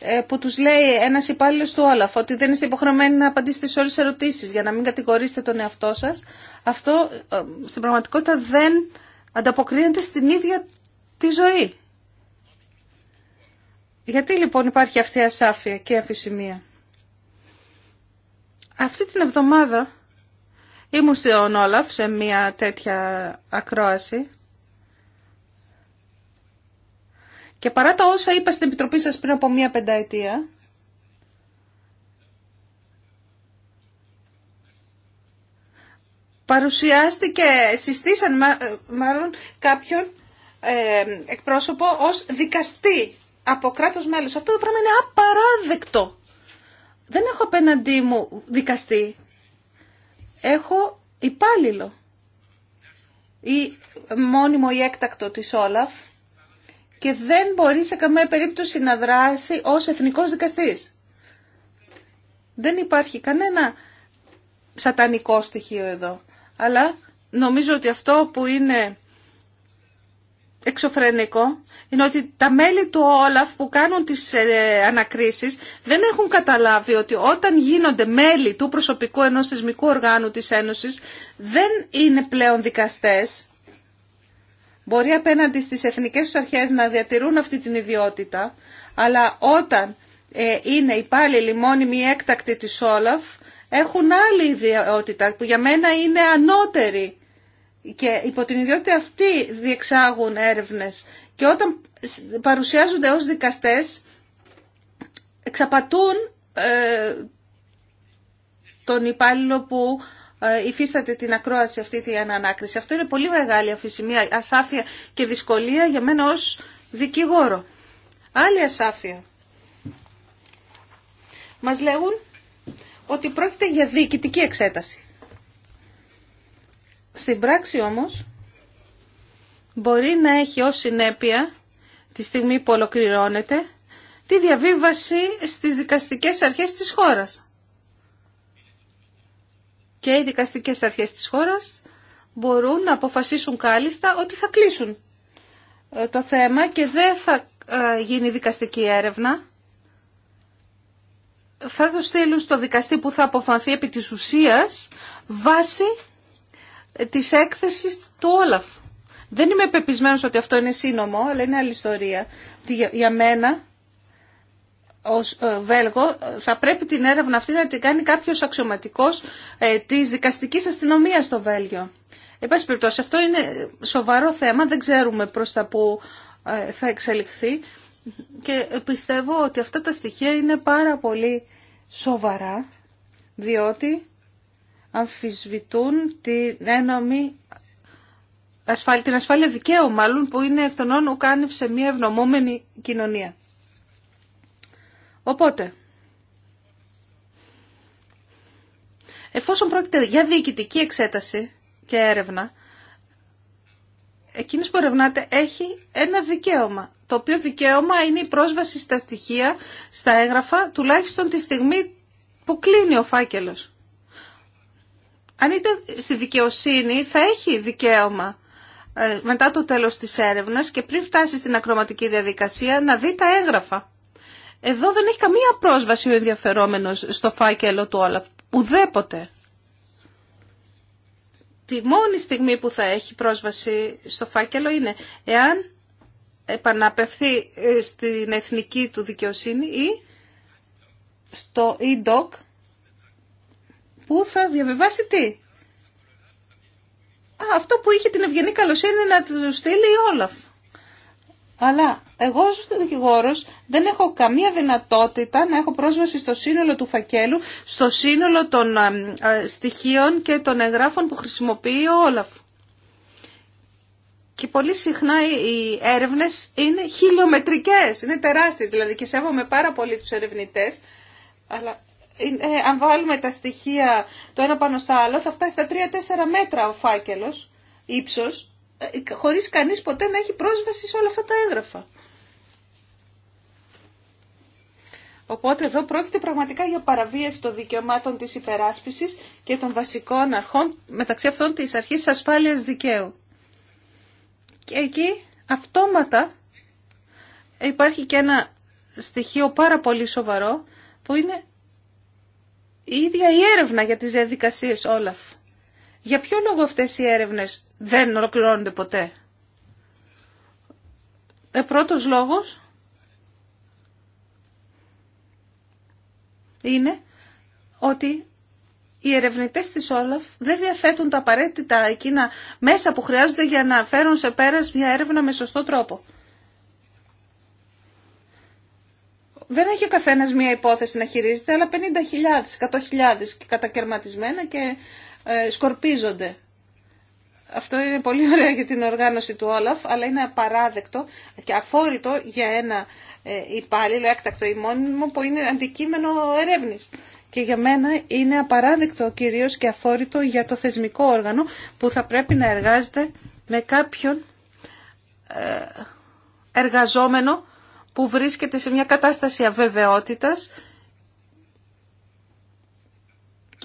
ε, που τους λέει ένας υπάλληλος του Όλαφ ότι δεν είστε υποχρεωμένοι να απαντήσετε σε όλες τις ερωτήσεις για να μην κατηγορήσετε τον εαυτό σας, αυτό ε, στην πραγματικότητα δεν ανταποκρίνεται στην ίδια τη ζωή. Γιατί λοιπόν υπάρχει αυτή η ασάφεια και η αφησιμία. Αυτή την εβδομάδα ήμουν στον Όλαφ σε μια τέτοια ακρόαση Και παρά τα όσα είπα στην Επιτροπή σας πριν από μία πενταετία, παρουσιάστηκε, συστήσαν μάλλον κάποιον ε, εκπρόσωπο ως δικαστή από κράτος μέλος. Αυτό το πράγμα είναι απαράδεκτο. Δεν έχω απέναντί μου δικαστή. Έχω υπάλληλο ή μόνιμο ή έκτακτο της Όλαφ και δεν μπορεί σε καμία περίπτωση να δράσει ως εθνικός δικαστής. Δεν υπάρχει κανένα σατανικό στοιχείο εδώ. Αλλά νομίζω ότι αυτό που είναι εξωφρενικό είναι ότι τα μέλη του Όλαφ που κάνουν τις ε, ανακρίσεις δεν έχουν καταλάβει ότι όταν γίνονται μέλη του προσωπικού ενός θεσμικού οργάνου της Ένωσης δεν είναι πλέον δικαστές μπορεί απέναντι στις εθνικές τους αρχές να διατηρούν αυτή την ιδιότητα, αλλά όταν ε, είναι υπάλληλοι μόνιμοι έκτακτοι της Όλαφ, έχουν άλλη ιδιότητα που για μένα είναι ανώτερη και υπό την ιδιότητα αυτή διεξάγουν έρευνες και όταν παρουσιάζονται ως δικαστές εξαπατούν ε, τον υπάλληλο που ε, υφίσταται την ακρόαση αυτή τη ανανάκριση. Αυτό είναι πολύ μεγάλη αφησιμία, ασάφεια και δυσκολία για μένα ως δικηγόρο. Άλλη ασάφεια. Μας λέγουν ότι πρόκειται για διοικητική εξέταση. Στην πράξη όμως μπορεί να έχει ως συνέπεια τη στιγμή που ολοκληρώνεται τη διαβίβαση στις δικαστικές αρχές της χώρας και οι δικαστικές αρχές της χώρας μπορούν να αποφασίσουν κάλλιστα ότι θα κλείσουν ε, το θέμα και δεν θα ε, γίνει δικαστική έρευνα. Θα το στείλουν στο δικαστή που θα αποφανθεί επί της ουσίας βάσει ε, της έκθεσης του Όλαφ. Δεν είμαι πεπισμένος ότι αυτό είναι σύνομο, αλλά είναι άλλη ιστορία. Για μένα ως ε, Βέλγο θα πρέπει την έρευνα αυτή να την κάνει κάποιος αξιωματικός ε, της δικαστικής αστυνομίας στο Βέλγιο. Εν περιπτώσει, αυτό είναι σοβαρό θέμα, δεν ξέρουμε προς τα που ε, θα εξελιχθεί και πιστεύω ότι αυτά τα στοιχεία είναι πάρα πολύ σοβαρά διότι αμφισβητούν την ένομη ασφάλεια, την ασφάλεια δικαίου μάλλον που είναι εκ των όνων σε μια ευνομόμενη κοινωνία. Οπότε, εφόσον πρόκειται για διοικητική εξέταση και έρευνα, εκείνος που ερευνάται έχει ένα δικαίωμα, το οποίο δικαίωμα είναι η πρόσβαση στα στοιχεία, στα έγγραφα, τουλάχιστον τη στιγμή που κλείνει ο φάκελος. Αν είτε στη δικαιοσύνη θα έχει δικαίωμα ε, μετά το τέλος της έρευνας και πριν φτάσει στην ακροματική διαδικασία να δει τα έγγραφα. Εδώ δεν έχει καμία πρόσβαση ο ενδιαφερόμενος στο φάκελο του Όλαφ. Ουδέποτε. Τη μόνη στιγμή που θα έχει πρόσβαση στο φάκελο είναι εάν επαναπευθεί ε, στην εθνική του δικαιοσύνη ή στο e-doc που θα διαβιβάσει τι. Α, αυτό που είχε την ευγενή καλοσύνη να του στείλει η Όλαφ. Αλλά εγώ ως δικηγόρο δεν έχω καμία δυνατότητα να έχω πρόσβαση στο σύνολο του φακέλου, στο σύνολο των ε, ε, στοιχείων και των εγγράφων που χρησιμοποιεί ο Όλαφ. Και πολύ συχνά οι έρευνες είναι χιλιομετρικές, είναι τεράστιες. Δηλαδή και σέβομαι πάρα πολύ τους ερευνητές, αλλά ε, αν βάλουμε τα στοιχεία το ένα πάνω στο άλλο θα φτάσει στα 3-4 μέτρα ο φάκελος ύψος ε, χωρίς κανείς ποτέ να έχει πρόσβαση σε όλα αυτά τα έγγραφα. Οπότε εδώ πρόκειται πραγματικά για παραβίαση των δικαιωμάτων της υπεράσπισης και των βασικών αρχών, μεταξύ αυτών της αρχής ασφάλειας δικαίου. Και εκεί αυτόματα υπάρχει και ένα στοιχείο πάρα πολύ σοβαρό, που είναι η ίδια η έρευνα για τις διαδικασίες Όλαφ. Για ποιο λόγο αυτές οι έρευνες δεν ολοκληρώνονται ποτέ. Ε, πρώτος λόγος είναι ότι οι ερευνητές της Όλαφ δεν διαθέτουν τα απαραίτητα εκείνα μέσα που χρειάζονται για να φέρουν σε πέρας μια έρευνα με σωστό τρόπο. δεν έχει καθένας μία υπόθεση να χειρίζεται, αλλά 50.000, 100.000 κατακαιρματισμένα και ε, σκορπίζονται. Αυτό είναι πολύ ωραίο για την οργάνωση του Όλαφ, αλλά είναι απαράδεκτο και αφόρητο για ένα ε, υπάλληλο έκτακτο ή μόνιμο που είναι αντικείμενο έρευνη. Και για μένα είναι απαράδεκτο κυρίω και αφόρητο για το θεσμικό όργανο που θα πρέπει να εργάζεται με κάποιον ε, εργαζόμενο που βρίσκεται σε μια κατάσταση αβεβαιότητας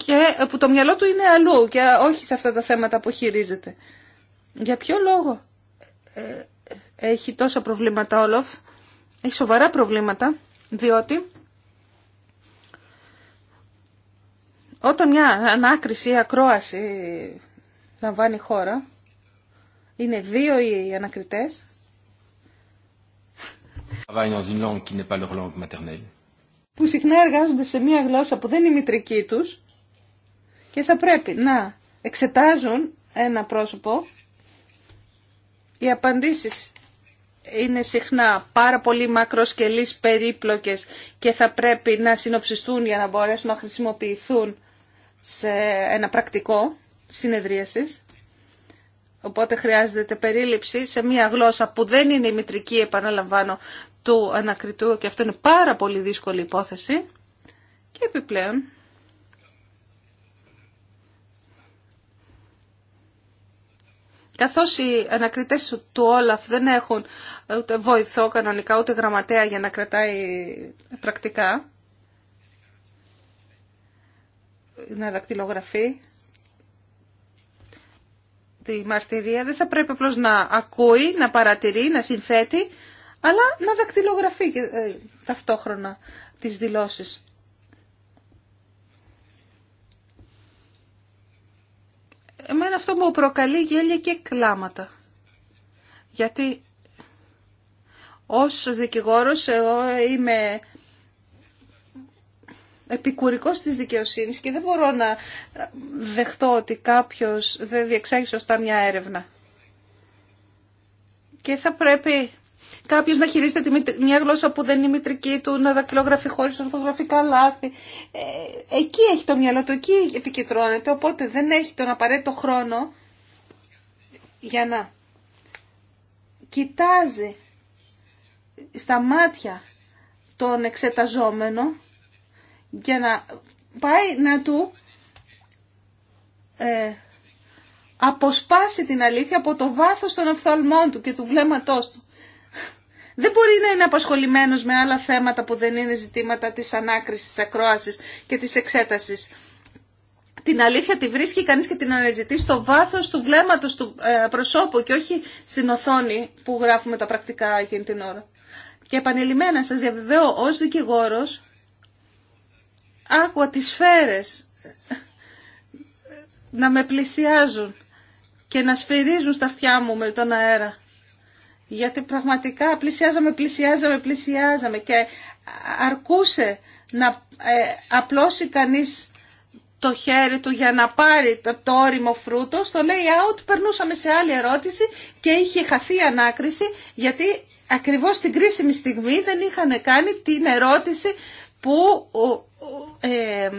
και που το μυαλό του είναι αλλού και όχι σε αυτά τα θέματα που χειρίζεται. Για ποιο λόγο ε, έχει τόσα προβλήματα Όλοφ, έχει σοβαρά προβλήματα, διότι όταν μια ανάκριση ή ακρόαση λαμβάνει χώρα, είναι δύο οι ανακριτές. Που συχνά εργάζονται σε μια γλώσσα που δεν είναι η μητρική τους και θα πρέπει να εξετάζουν ένα πρόσωπο. Οι απαντήσεις είναι συχνά πάρα πολύ μακροσκελείς, περίπλοκες και θα πρέπει να συνοψιστούν για να μπορέσουν να χρησιμοποιηθούν σε ένα πρακτικό συνεδρίασης. Οπότε χρειάζεται περίληψη σε μια γλώσσα που δεν είναι η μητρική, επαναλαμβάνω, του ανακριτού και αυτό είναι πάρα πολύ δύσκολη υπόθεση. Και επιπλέον Καθώς οι ανακριτές του Όλαφ δεν έχουν ούτε βοηθό κανονικά ούτε γραμματέα για να κρατάει πρακτικά, να δακτυλογραφεί τη μαρτυρία, δεν θα πρέπει απλώς να ακούει, να παρατηρεί, να συνθέτει, αλλά να δακτυλογραφεί ε, ταυτόχρονα τις δηλώσεις. εμένα αυτό μου προκαλεί γέλια και κλάματα. Γιατί ως δικηγόρος εγώ είμαι επικουρικός της δικαιοσύνης και δεν μπορώ να δεχτώ ότι κάποιος δεν διεξάγει σωστά μια έρευνα. Και θα πρέπει κάποιο να χειρίζεται μια γλώσσα που δεν είναι η μητρική του, να δακτυλογραφεί χωρί ορθογραφικά λάθη. Ε, εκεί έχει το μυαλό του, εκεί επικεντρώνεται, οπότε δεν έχει τον απαραίτητο χρόνο για να κοιτάζει στα μάτια τον εξεταζόμενο για να πάει να του ε, αποσπάσει την αλήθεια από το βάθος των οφθαλμών του και του βλέμματός του δεν μπορεί να είναι απασχολημένο με άλλα θέματα που δεν είναι ζητήματα τη ανάκρισης, τη ακρόαση και τη εξέταση. Την αλήθεια τη βρίσκει κανείς και την αναζητεί στο βάθος του βλέμματος του ε, προσώπου και όχι στην οθόνη που γράφουμε τα πρακτικά εκείνη την ώρα. Και επανειλημμένα σας διαβεβαιώ ως δικηγόρος άκουα τις σφαίρες να με πλησιάζουν και να σφυρίζουν στα αυτιά μου με τον αέρα γιατί πραγματικά πλησιάζαμε, πλησιάζαμε, πλησιάζαμε και αρκούσε να ε, απλώσει κανείς το χέρι του για να πάρει το, το όριμο φρούτο. Στο layout περνούσαμε σε άλλη ερώτηση και είχε χαθεί η ανάκριση γιατί ακριβώς την κρίσιμη στιγμή δεν είχαν κάνει την ερώτηση που ε,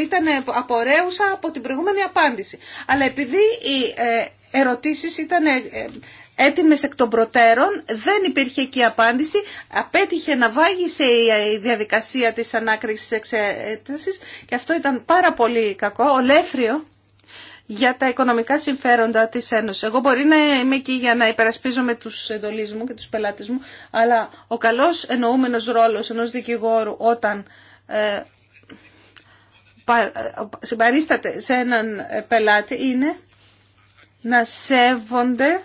ήταν απορρέουσα από την προηγούμενη απάντηση. Αλλά επειδή οι ε, ερωτήσεις ήταν έτοιμες εκ των προτέρων, δεν υπήρχε εκεί απάντηση, απέτυχε να βάγισε η διαδικασία της ανάκρισης εξέτασης και αυτό ήταν πάρα πολύ κακό, ολέφριο για τα οικονομικά συμφέροντα της Ένωσης. Εγώ μπορεί να είμαι εκεί για να υπερασπίζομαι τους εντολείς μου και τους πελάτες μου, αλλά ο καλός εννοούμενος ρόλος ενός δικηγόρου όταν ε, ε συμπαρίσταται σε έναν πελάτη είναι να σέβονται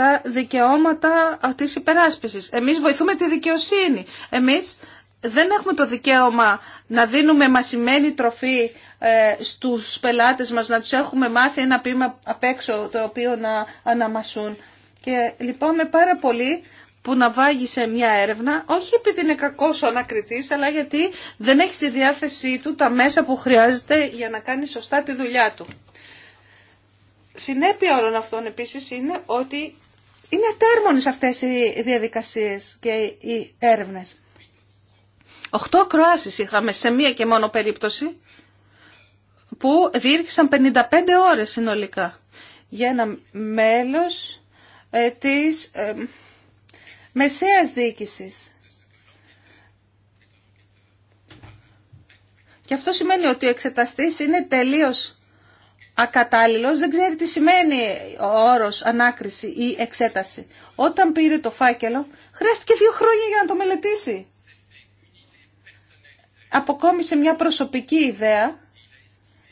τα δικαιώματα τη υπεράσπιση. Εμείς βοηθούμε τη δικαιοσύνη. Εμείς δεν έχουμε το δικαίωμα να δίνουμε μασημένη τροφή ε, στους πελάτες μας, να τους έχουμε μάθει ένα πείμα απ' έξω το οποίο να αναμασούν. Και λυπάμαι πάρα πολύ που να βάγει σε μια έρευνα, όχι επειδή είναι κακός ο ανακριτής, αλλά γιατί δεν έχει στη διάθεσή του τα μέσα που χρειάζεται για να κάνει σωστά τη δουλειά του. Συνέπεια όλων αυτών επίσης είναι ότι είναι ατέρμονες αυτές οι διαδικασίες και οι έρευνες. Οχτώ κροάσεις είχαμε σε μία και μόνο περίπτωση που διήρχησαν 55 ώρες συνολικά για ένα μέλος ε, της ε, μεσαίας διοίκησης. Και αυτό σημαίνει ότι ο εξεταστής είναι τελείως ακατάλληλος δεν ξέρει τι σημαίνει ο όρος ανάκριση ή εξέταση. Όταν πήρε το φάκελο, χρειάστηκε δύο χρόνια για να το μελετήσει. Αποκόμισε μια προσωπική ιδέα,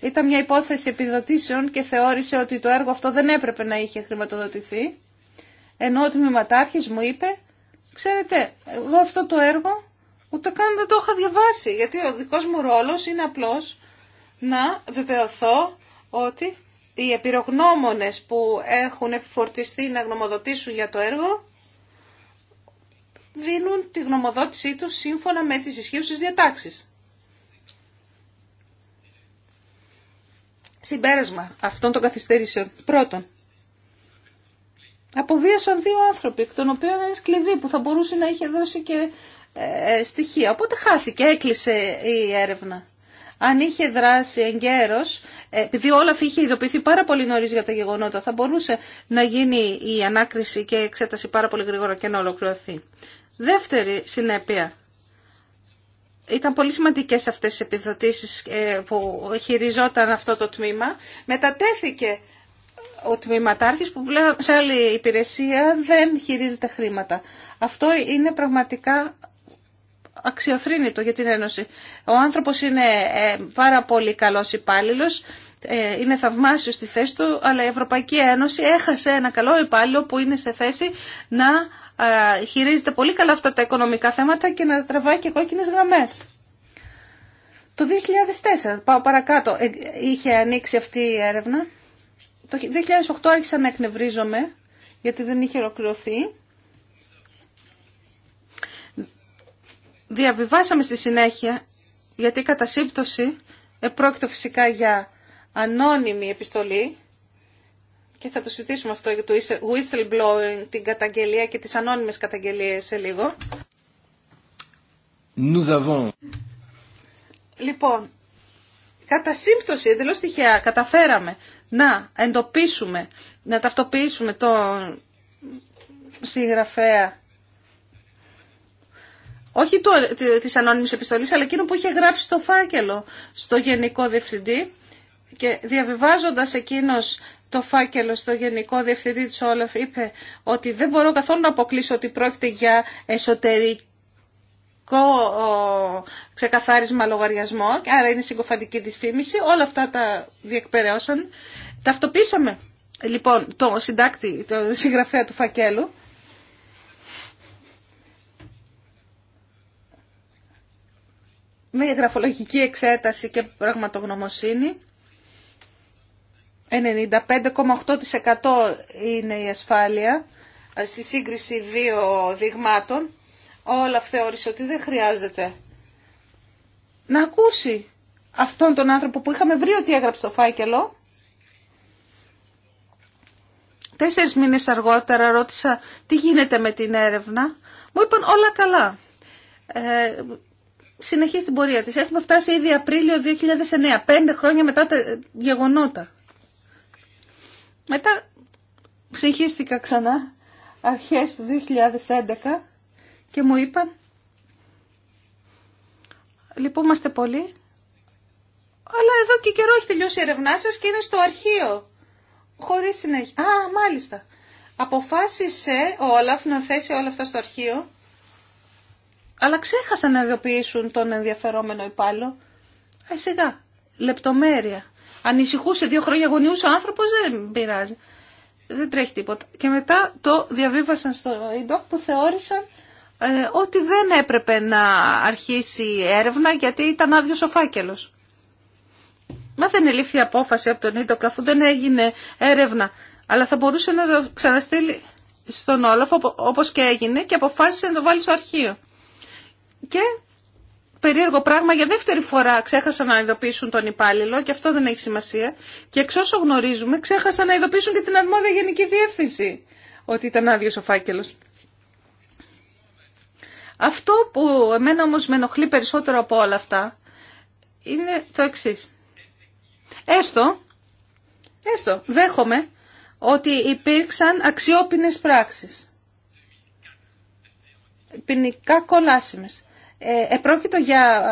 ήταν μια υπόθεση επιδοτήσεων και θεώρησε ότι το έργο αυτό δεν έπρεπε να είχε χρηματοδοτηθεί, ενώ ο τμήματάρχης μου είπε, ξέρετε, εγώ αυτό το έργο ούτε καν δεν το είχα διαβάσει, γιατί ο δικός μου ρόλος είναι απλώς να βεβαιωθώ ότι οι επιρογνώμονες που έχουν επιφορτιστεί να γνωμοδοτήσουν για το έργο δίνουν τη γνωμοδότησή τους σύμφωνα με τις ισχύουσες διατάξεις. Συμπέρασμα αυτών των καθυστερήσεων. Πρώτον, αποβίασαν δύο άνθρωποι, εκ των οποίων ένα κλειδί που θα μπορούσε να είχε δώσει και ε, ε στοιχεία. Οπότε χάθηκε, έκλεισε η έρευνα αν είχε δράσει εγκαίρως, ε, επειδή όλα είχε ειδοποιηθεί πάρα πολύ νωρί για τα γεγονότα, θα μπορούσε να γίνει η ανάκριση και η εξέταση πάρα πολύ γρήγορα και να ολοκληρωθεί. Δεύτερη συνέπεια. Ήταν πολύ σημαντικές αυτές οι επιδοτήσεις ε, που χειριζόταν αυτό το τμήμα. Μετατέθηκε ο τμήματάρχης που πλέον σε άλλη υπηρεσία δεν χειρίζεται χρήματα. Αυτό είναι πραγματικά αξιοθρύνητο για την Ένωση. Ο άνθρωπος είναι ε, πάρα πολύ καλός υπάλληλο, ε, είναι θαυμάσιος στη θέση του, αλλά η Ευρωπαϊκή Ένωση έχασε ένα καλό υπάλληλο που είναι σε θέση να ε, χειρίζεται πολύ καλά αυτά τα οικονομικά θέματα και να τραβάει και κόκκινες γραμμές. Το 2004, πάω παρακάτω, είχε ανοίξει αυτή η έρευνα. Το 2008 άρχισα να εκνευρίζομαι, γιατί δεν είχε ολοκληρωθεί. διαβιβάσαμε στη συνέχεια, γιατί κατά σύμπτωση πρόκειται φυσικά για ανώνυμη επιστολή και θα το συζητήσουμε αυτό για το whistleblowing, την καταγγελία και τις ανώνυμες καταγγελίες σε λίγο. Nous avons... Λοιπόν, κατά σύμπτωση, εντελώ τυχαία, καταφέραμε να εντοπίσουμε, να ταυτοποιήσουμε τον συγγραφέα όχι το, της ανώνυμης επιστολής, αλλά εκείνο που είχε γράψει το φάκελο στο Γενικό Διευθυντή και διαβιβάζοντας εκείνος το φάκελο στο Γενικό Διευθυντή της Όλαφ είπε ότι δεν μπορώ καθόλου να αποκλείσω ότι πρόκειται για εσωτερικό ξεκαθάρισμα λογαριασμό, άρα είναι συγκοφαντική δυσφήμιση. Όλα αυτά τα διεκπαιρεώσαν. Ταυτοποίησαμε λοιπόν το συντάκτη, το συγγραφέα του φακέλου με γραφολογική εξέταση και πραγματογνωμοσύνη. 95,8% είναι η ασφάλεια ε, στη σύγκριση δύο δειγμάτων. Όλα θεώρησε ότι δεν χρειάζεται να ακούσει αυτόν τον άνθρωπο που είχαμε βρει ότι έγραψε το φάκελο. Τέσσερις μήνες αργότερα ρώτησα τι γίνεται με την έρευνα. Μου είπαν όλα καλά. Ε, συνεχίζει την πορεία της. Έχουμε φτάσει ήδη Απρίλιο 2009, πέντε χρόνια μετά τα γεγονότα. Μετά ψυχίστηκα ξανά αρχές του 2011 και μου είπαν λυπούμαστε πολύ αλλά εδώ και καιρό έχει τελειώσει η ερευνά σας και είναι στο αρχείο χωρίς συνέχεια. Α, μάλιστα. Αποφάσισε ο Όλαφ να θέσει όλα αυτά στο αρχείο αλλά ξέχασαν να ειδοποιήσουν τον ενδιαφερόμενο υπάλληλο. Α, ε, σιγά, λεπτομέρεια. Ανησυχούσε δύο χρόνια γονιούς ο άνθρωπος, δεν πειράζει. Δεν τρέχει τίποτα. Και μετά το διαβίβασαν στο ΙΝΤΟΚ που θεώρησαν ε, ότι δεν έπρεπε να αρχίσει έρευνα γιατί ήταν άδειο ο φάκελο. Μα δεν ελήφθη απόφαση από τον ΙΝΤΟΚ αφού δεν έγινε έρευνα. Αλλά θα μπορούσε να το ξαναστείλει στον Όλαφο όπως και έγινε και αποφάσισε να το βάλει στο αρχείο. Και περίεργο πράγμα, για δεύτερη φορά ξέχασαν να ειδοποιήσουν τον υπάλληλο και αυτό δεν έχει σημασία. Και εξ όσο γνωρίζουμε, ξέχασαν να ειδοποιήσουν και την αρμόδια γενική διεύθυνση ότι ήταν άδειο ο φάκελο. Αυτό που εμένα όμως με ενοχλεί περισσότερο από όλα αυτά είναι το εξή. Έστω, έστω, δέχομαι ότι υπήρξαν αξιόπινες πράξεις. Ποινικά κολάσιμες. Ε, επρόκειτο για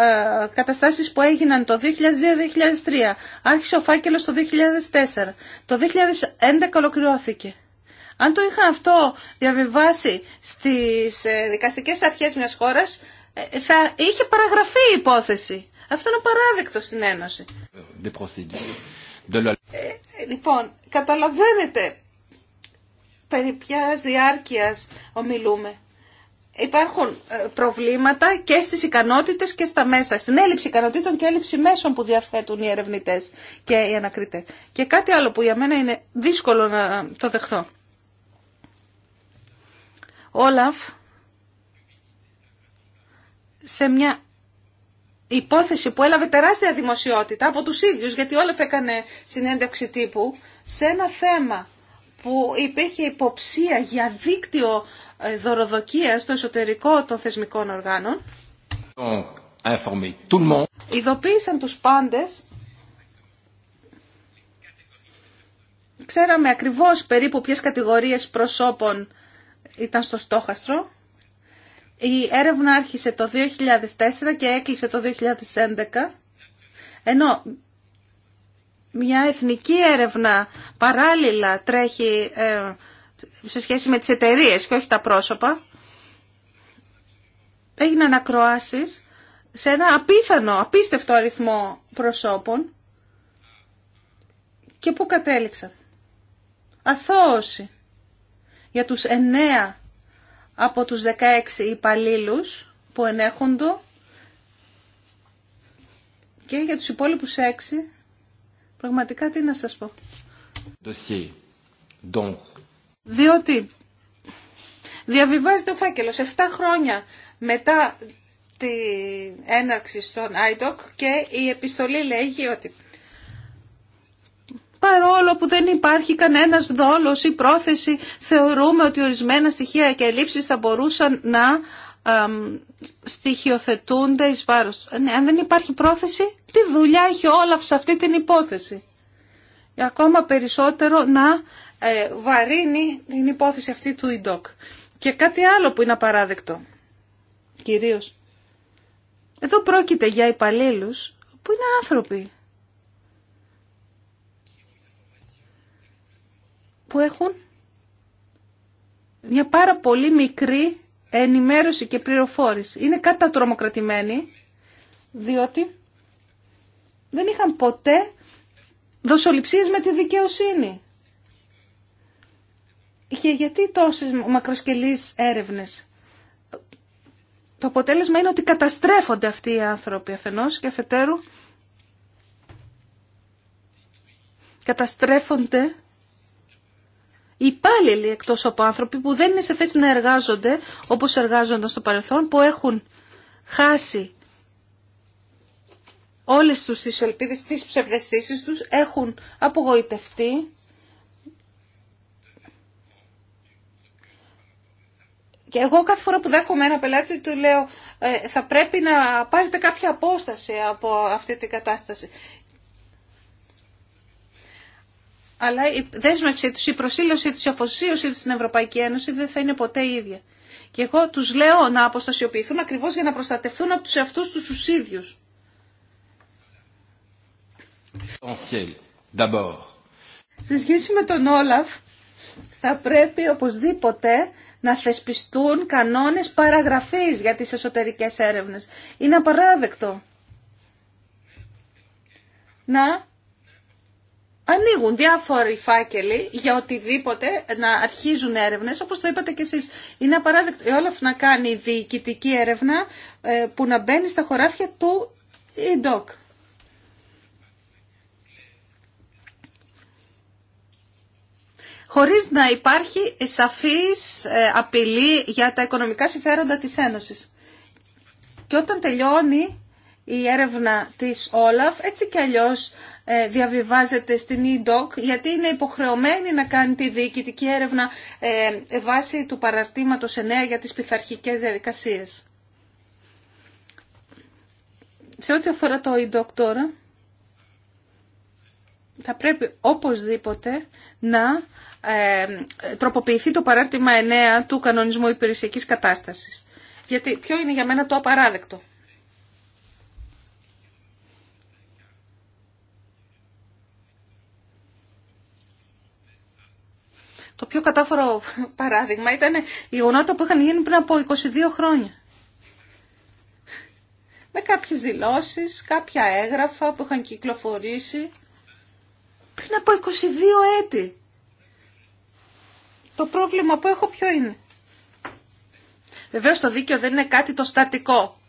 ε, καταστάσεις που έγιναν το 2002-2003. Άρχισε ο φάκελος το 2004. Το 2011 ολοκληρώθηκε. Αν το είχαν αυτό διαβιβάσει στις ε, δικαστικές αρχές μιας χώρας, θα είχε παραγραφεί η υπόθεση. Αυτό είναι παράδεκτο στην Ένωση. Ε, λοιπόν, καταλαβαίνετε περί ποιας διάρκειας ομιλούμε υπάρχουν ε, προβλήματα και στις ικανότητες και στα μέσα, στην έλλειψη ικανότητων και έλλειψη μέσων που διαθέτουν οι ερευνητές και οι ανακριτές. Και κάτι άλλο που για μένα είναι δύσκολο να το δεχθώ. Όλαφ, σε μια υπόθεση που έλαβε τεράστια δημοσιότητα από τους ίδιους, γιατί Όλαφ έκανε συνέντευξη τύπου, σε ένα θέμα που υπήρχε υποψία για δίκτυο ε, δωροδοκία στο εσωτερικό των θεσμικών οργάνων. Ειδοποίησαν τους πάντες. Ξέραμε ακριβώς περίπου ποιες κατηγορίες προσώπων ήταν στο στόχαστρο. Η έρευνα άρχισε το 2004 και έκλεισε το 2011, ενώ μια εθνική έρευνα παράλληλα τρέχει ε, σε σχέση με τις εταιρείες και όχι τα πρόσωπα, έγιναν ακροάσεις σε ένα απίθανο, απίστευτο αριθμό προσώπων και πού κατέληξαν. Αθώωση για τους εννέα από τους 16 υπαλλήλου που ενέχονται και για τους υπόλοιπους 6 πραγματικά τι να σας πω. Dossier. Donc, διότι διαβιβάζεται ο φάκελος 7 χρόνια μετά την έναρξη στον IDOC και η επιστολή λέγει ότι παρόλο που δεν υπάρχει κανένας δόλος ή πρόθεση θεωρούμε ότι ορισμένα στοιχεία και ελλείψεις θα μπορούσαν να στοιχειοθετούνται εις βάρος. Ε, ναι, αν δεν υπάρχει πρόθεση, τι δουλειά έχει όλα σε αυτή την υπόθεση. Ακόμα περισσότερο να ε, βαρύνει την υπόθεση αυτή του ΙΝΤΟΚ. Και κάτι άλλο που είναι απαράδεκτο, κυρίως. Εδώ πρόκειται για υπαλλήλου που είναι άνθρωποι. Που έχουν μια πάρα πολύ μικρή ενημέρωση και πληροφόρηση. Είναι κατατρομοκρατημένοι, διότι δεν είχαν ποτέ δοσοληψίες με τη δικαιοσύνη. Και γιατί τόσες μακροσκελείς έρευνες. Το αποτέλεσμα είναι ότι καταστρέφονται αυτοί οι άνθρωποι αφενός και αφετέρου. Καταστρέφονται οι υπάλληλοι εκτός από άνθρωποι που δεν είναι σε θέση να εργάζονται όπως εργάζονταν στο παρελθόν, που έχουν χάσει όλες τους τις ελπίδες, τις ψευδεστήσεις τους, έχουν απογοητευτεί Και εγώ κάθε φορά που δέχομαι ένα πελάτη του λέω ε, θα πρέπει να πάρετε κάποια απόσταση από αυτή την κατάσταση. Αλλά η δέσμευσή τους, η προσήλωσή τους, η αφοσίωσή τους στην Ευρωπαϊκή Ένωση δεν θα είναι ποτέ ίδια. Και εγώ τους λέω να αποστασιοποιηθούν ακριβώς για να προστατευτούν από τους εαυτούς τους τους ίδιους. Σε σχέση με τον Όλαφ, θα πρέπει οπωσδήποτε να θεσπιστούν κανόνες παραγραφής για τις εσωτερικές έρευνες. Είναι απαράδεκτο να ανοίγουν διάφοροι φάκελοι για οτιδήποτε, να αρχίζουν έρευνες, όπως το είπατε και εσείς. Είναι απαράδεκτο η ε, Όλαφ να κάνει διοικητική έρευνα ε, που να μπαίνει στα χωράφια του ΙΝΤΟΚ. χωρίς να υπάρχει σαφής ε, απειλή για τα οικονομικά συμφέροντα της Ένωσης. Και όταν τελειώνει η έρευνα της Όλαφ, έτσι κι αλλιώς ε, διαβιβάζεται στην EDOC, γιατί είναι υποχρεωμένη να κάνει τη διοικητική έρευνα ε, βάσει του παραρτήματος 9 για τις πειθαρχικές διαδικασίες. Σε ό,τι αφορά το E-DOC τώρα, θα πρέπει οπωσδήποτε να ε, τροποποιηθεί το παράρτημα 9 του κανονισμού υπηρεσιακής κατάστασης. Γιατί ποιο είναι για μένα το απαράδεκτο. Το πιο κατάφορο παράδειγμα ήταν οι γονότα που είχαν γίνει πριν από 22 χρόνια. Με κάποιες δηλώσεις, κάποια έγγραφα που είχαν κυκλοφορήσει πριν από 22 έτη. Το πρόβλημα που έχω ποιο είναι. Βεβαίως το δίκαιο δεν είναι κάτι το στατικό.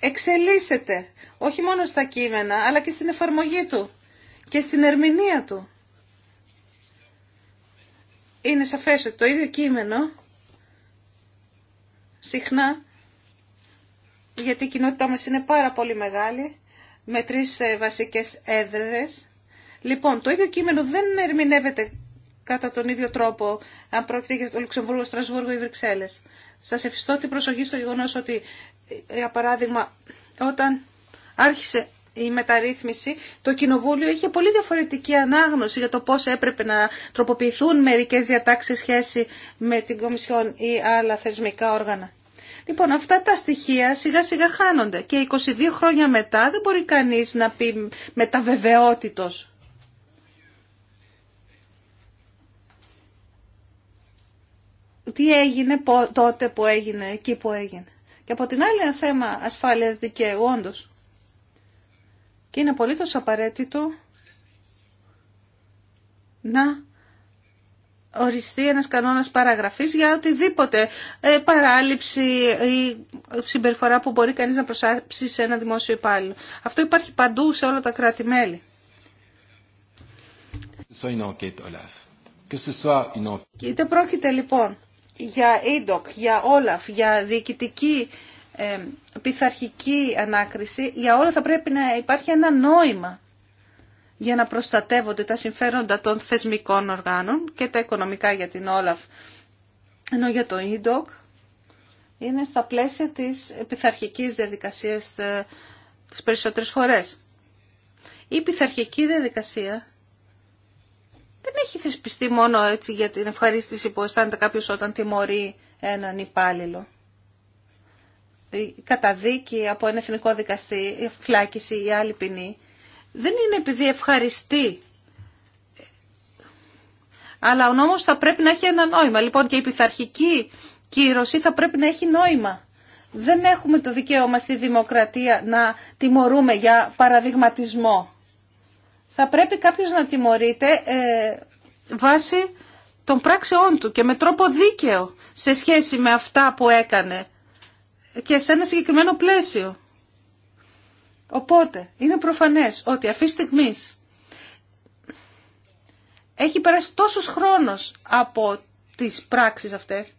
Εξελίσσεται, όχι μόνο στα κείμενα, αλλά και στην εφαρμογή του και στην ερμηνεία του. Είναι σαφές ότι το ίδιο κείμενο συχνά, γιατί η κοινότητά μας είναι πάρα πολύ μεγάλη, με τρεις ε, βασικές έδρες. Λοιπόν, το ίδιο κείμενο δεν ερμηνεύεται κατά τον ίδιο τρόπο, αν πρόκειται για το Λουξεμβούργο, Στρασβούργο ή Βρυξέλλες. Σας ευχαριστώ την προσοχή στο γεγονός ότι, ε, για παράδειγμα, όταν άρχισε η μεταρρύθμιση, το Κοινοβούλιο είχε πολύ διαφορετική ανάγνωση για το πώς έπρεπε να τροποποιηθούν μερικές διατάξεις σχέση με την Κομισιόν ή άλλα θεσμικά όργανα. Λοιπόν, αυτά τα στοιχεία σιγά σιγά χάνονται και 22 χρόνια μετά δεν μπορεί κανείς να πει με τα Τι έγινε τότε που έγινε, εκεί που έγινε. Και από την άλλη ένα θέμα ασφάλειας δικαίου, όντω. Και είναι απολύτως απαραίτητο να οριστεί ένας κανόνας παραγραφής για οτιδήποτε ε, παράληψη ή συμπεριφορά που μπορεί κανείς να προσάψει σε ένα δημόσιο υπάλληλο. Αυτό υπάρχει παντού σε όλα τα κράτη-μέλη. Και είτε πρόκειται λοιπόν για ίντοκ, για όλαφ, για διοικητική ε, πειθαρχική ανάκριση, για όλα θα πρέπει να υπάρχει ένα νόημα για να προστατεύονται τα συμφέροντα των θεσμικών οργάνων και τα οικονομικά για την Όλαφ, ενώ για το EDOC είναι στα πλαίσια της επιθαρχικής διαδικασίας ε, τις περισσότερες φορές. Η πειθαρχική διαδικασία δεν έχει θεσπιστεί μόνο έτσι για την ευχαρίστηση που αισθάνεται κάποιο όταν τιμωρεί έναν υπάλληλο. Η καταδίκη από ένα εθνικό δικαστή, η φυλάκιση ή άλλη ποινή δεν είναι επειδή ευχαριστεί. Αλλά ο νόμος θα πρέπει να έχει ένα νόημα. Λοιπόν και η πειθαρχική κύρωση θα πρέπει να έχει νόημα. Δεν έχουμε το δικαίωμα στη δημοκρατία να τιμωρούμε για παραδειγματισμό. Θα πρέπει κάποιος να τιμωρείται ε, βάσει των πράξεών του και με τρόπο δίκαιο σε σχέση με αυτά που έκανε και σε ένα συγκεκριμένο πλαίσιο. Οπότε είναι προφανές ότι αυτή τη στιγμή έχει περάσει τόσος χρόνος από τις πράξεις αυτές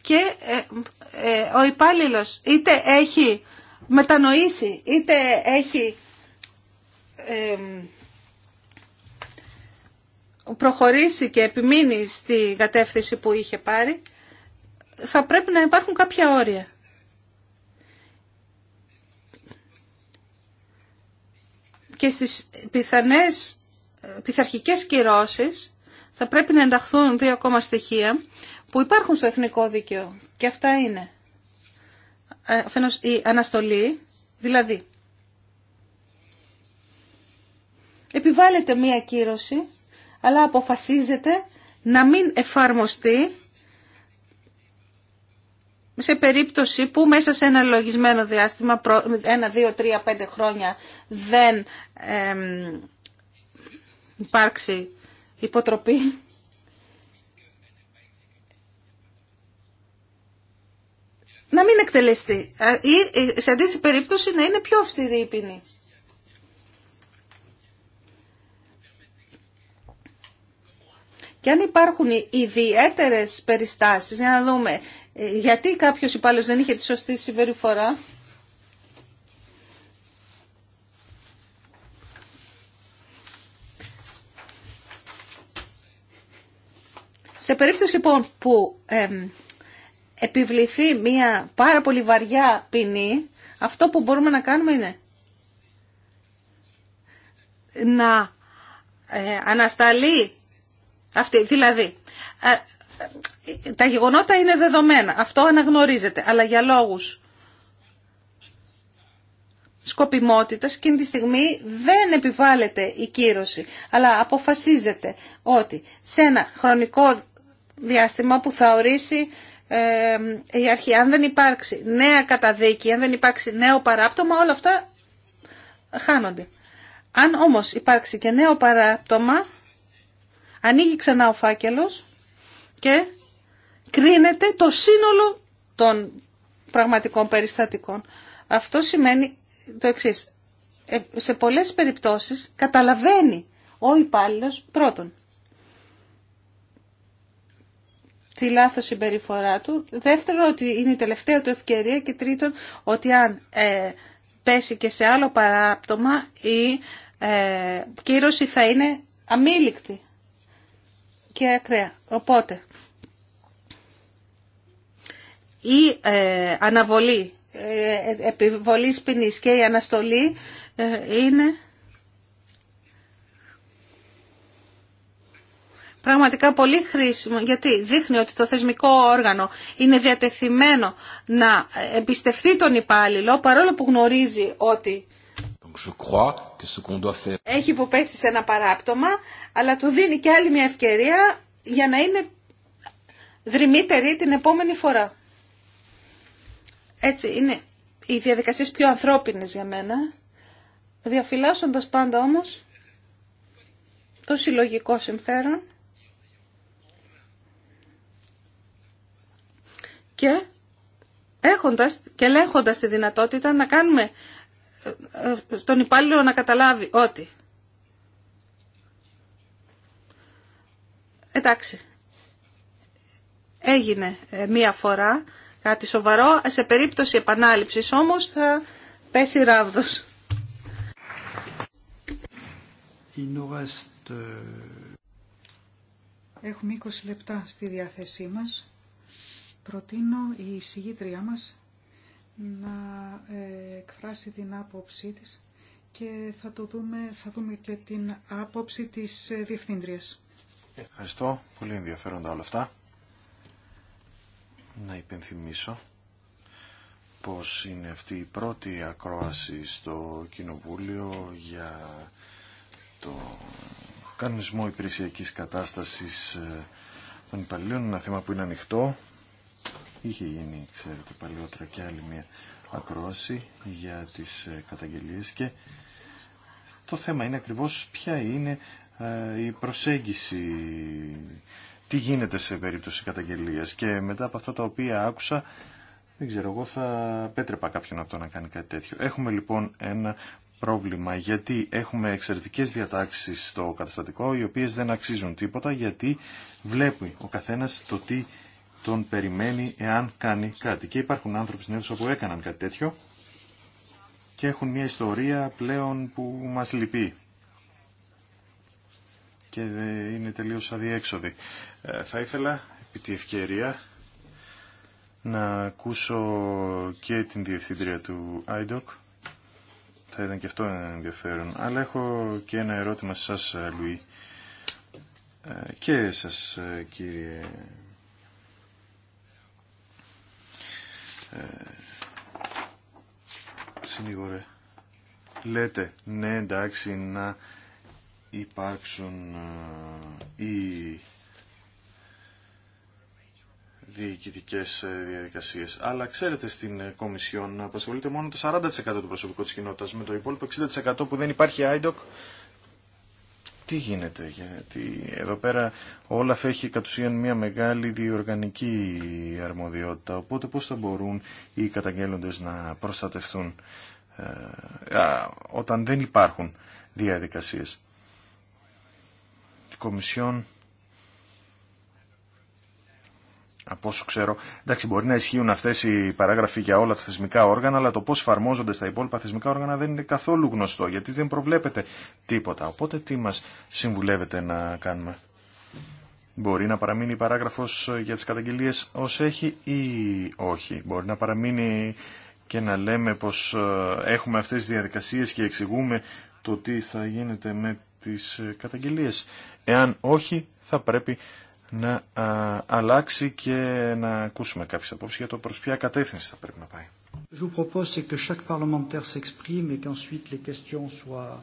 και ε, ε, ο υπάλληλος είτε έχει μετανοήσει είτε έχει προχωρήσει και επιμείνει στη κατεύθυνση που είχε πάρει θα πρέπει να υπάρχουν κάποια όρια. και στις πιθανές πειθαρχικές κυρώσεις θα πρέπει να ενταχθούν δύο ακόμα στοιχεία που υπάρχουν στο εθνικό δίκαιο. Και αυτά είναι ε, η αναστολή, δηλαδή επιβάλλεται μία κύρωση αλλά αποφασίζεται να μην εφαρμοστεί σε περίπτωση που μέσα σε ένα λογισμένο διάστημα, ένα, δύο, τρία, πέντε χρόνια δεν υπάρξει υποτροπή, να μην εκτελεστεί. Ε, ή ε, σε αντίθετη περίπτωση να είναι πιο αυστηρή η ποινή. Και αν υπάρχουν ιδιαίτερες περιστάσεις, για να δούμε ε, γιατί κάποιος υπάλληλος δεν είχε τη σωστή συμπεριφορά. Σε περίπτωση λοιπόν που επιβληθεί μια πάρα πολύ βαριά ποινή, αυτό που μπορούμε να κάνουμε είναι να ε, ανασταλεί αυτή, δηλαδή ε, τα γεγονότα είναι δεδομένα. Αυτό αναγνωρίζεται. Αλλά για λόγους σκοπιμότητας και τη στιγμή δεν επιβάλλεται η κύρωση. Αλλά αποφασίζεται ότι σε ένα χρονικό διάστημα που θα ορίσει η αρχή, αν δεν υπάρξει νέα καταδίκη, αν δεν υπάρξει νέο παράπτωμα, όλα αυτά χάνονται. Αν όμως υπάρξει και νέο παράπτωμα, ανοίγει ξανά ο φάκελος και κρίνεται το σύνολο των πραγματικών περιστατικών. Αυτό σημαίνει το εξής. Ε, σε πολλές περιπτώσεις καταλαβαίνει ο υπάλληλο πρώτον τη λάθος συμπεριφορά του, δεύτερον ότι είναι η τελευταία του ευκαιρία και τρίτον ότι αν ε, πέσει και σε άλλο παράπτωμα η ε, κύρωση θα είναι αμήλικτη και ακραία. Οπότε η ε, αναβολή ε, επιβολής ποινής και η αναστολή ε, είναι πραγματικά πολύ χρήσιμο γιατί δείχνει ότι το θεσμικό όργανο είναι διατεθειμένο να εμπιστευτεί τον υπάλληλο παρόλο που γνωρίζει ότι έχει υποπέσει σε ένα παράπτωμα αλλά του δίνει και άλλη μια ευκαιρία για να είναι δρυμύτερη την επόμενη φορά. Έτσι είναι οι διαδικασίες πιο ανθρώπινες για μένα, διαφυλάσσοντας πάντα όμως το συλλογικό συμφέρον και έχοντας και ελέγχοντας τη δυνατότητα να κάνουμε ε, ε, τον υπάλληλο να καταλάβει ότι εντάξει έγινε ε, μία φορά κάτι σοβαρό. Σε περίπτωση επανάληψης όμως θα πέσει ράβδος. Euh, Έχουμε 20 λεπτά στη διάθεσή μας. Προτείνω η συγγήτριά μας να ε, εκφράσει την άποψή της και θα το δούμε, θα δούμε και την άποψη της ε, διευθύντριας. Ευχαριστώ. Πολύ ενδιαφέροντα όλα αυτά να υπενθυμίσω πως είναι αυτή η πρώτη ακρόαση στο Κοινοβούλιο για το κανονισμό υπηρεσιακής κατάστασης ε, των υπαλλήλων, ένα θέμα που είναι ανοιχτό. Είχε γίνει, ξέρετε, παλιότερα και άλλη μια ακρόαση για τις ε, καταγγελίες και το θέμα είναι ακριβώς ποια είναι ε, η προσέγγιση τι γίνεται σε περίπτωση καταγγελίας και μετά από αυτά τα οποία άκουσα δεν ξέρω, εγώ θα πέτρεπα κάποιον από το να κάνει κάτι τέτοιο. Έχουμε λοιπόν ένα πρόβλημα γιατί έχουμε εξαιρετικές διατάξεις στο καταστατικό οι οποίες δεν αξίζουν τίποτα γιατί βλέπει ο καθένας το τι τον περιμένει εάν κάνει κάτι. Και υπάρχουν άνθρωποι στην αίθουσα που έκαναν κάτι τέτοιο και έχουν μια ιστορία πλέον που μας λυπεί και είναι τελείως αδιέξοδη. Ε, θα ήθελα επί τη ευκαιρία να ακούσω και την διευθύντρια του IDOC. Θα ήταν και αυτό ενδιαφέρον. Αλλά έχω και ένα ερώτημα σε σας, ε, Λουί. Ε, και σας, κύριε... Συνήγορε. Λέτε, ναι εντάξει, να υπάρξουν ε, οι διοικητικές ε, διαδικασίες. Αλλά ξέρετε στην ε, Κομισιόν απασχολείται μόνο το 40% του προσωπικού της κοινότητας. Με το υπόλοιπο 60% που δεν υπάρχει IDOC, τι γίνεται. Γιατί εδώ πέρα όλα φέχει κατ' ουσίαν μια μεγάλη διοργανική αρμοδιότητα. Οπότε πώς θα μπορούν οι καταγγέλλοντες να προστατευτούν όταν δεν υπάρχουν διαδικασίες. Κομισιόν από όσο ξέρω. Εντάξει, μπορεί να ισχύουν αυτέ οι παράγραφοι για όλα τα θεσμικά όργανα, αλλά το πώ εφαρμόζονται στα υπόλοιπα θεσμικά όργανα δεν είναι καθόλου γνωστό, γιατί δεν προβλέπεται τίποτα. Οπότε τι μα συμβουλεύετε να κάνουμε. Μπορεί να παραμείνει η παράγραφο για τι καταγγελίε ω έχει ή όχι. Μπορεί να παραμείνει και να λέμε πω ε, έχουμε αυτέ τι διαδικασίε και εξηγούμε το τι θα γίνεται με τι ε, καταγγελίε. Εάν όχι, θα πρέπει να α, αλλάξει και να ακούσουμε κάποιες απόψεις για το προς ποια κατεύθυνση θα πρέπει να πάει. Je vous propose c'est que chaque parlementaire s'exprime et qu'ensuite les questions soient,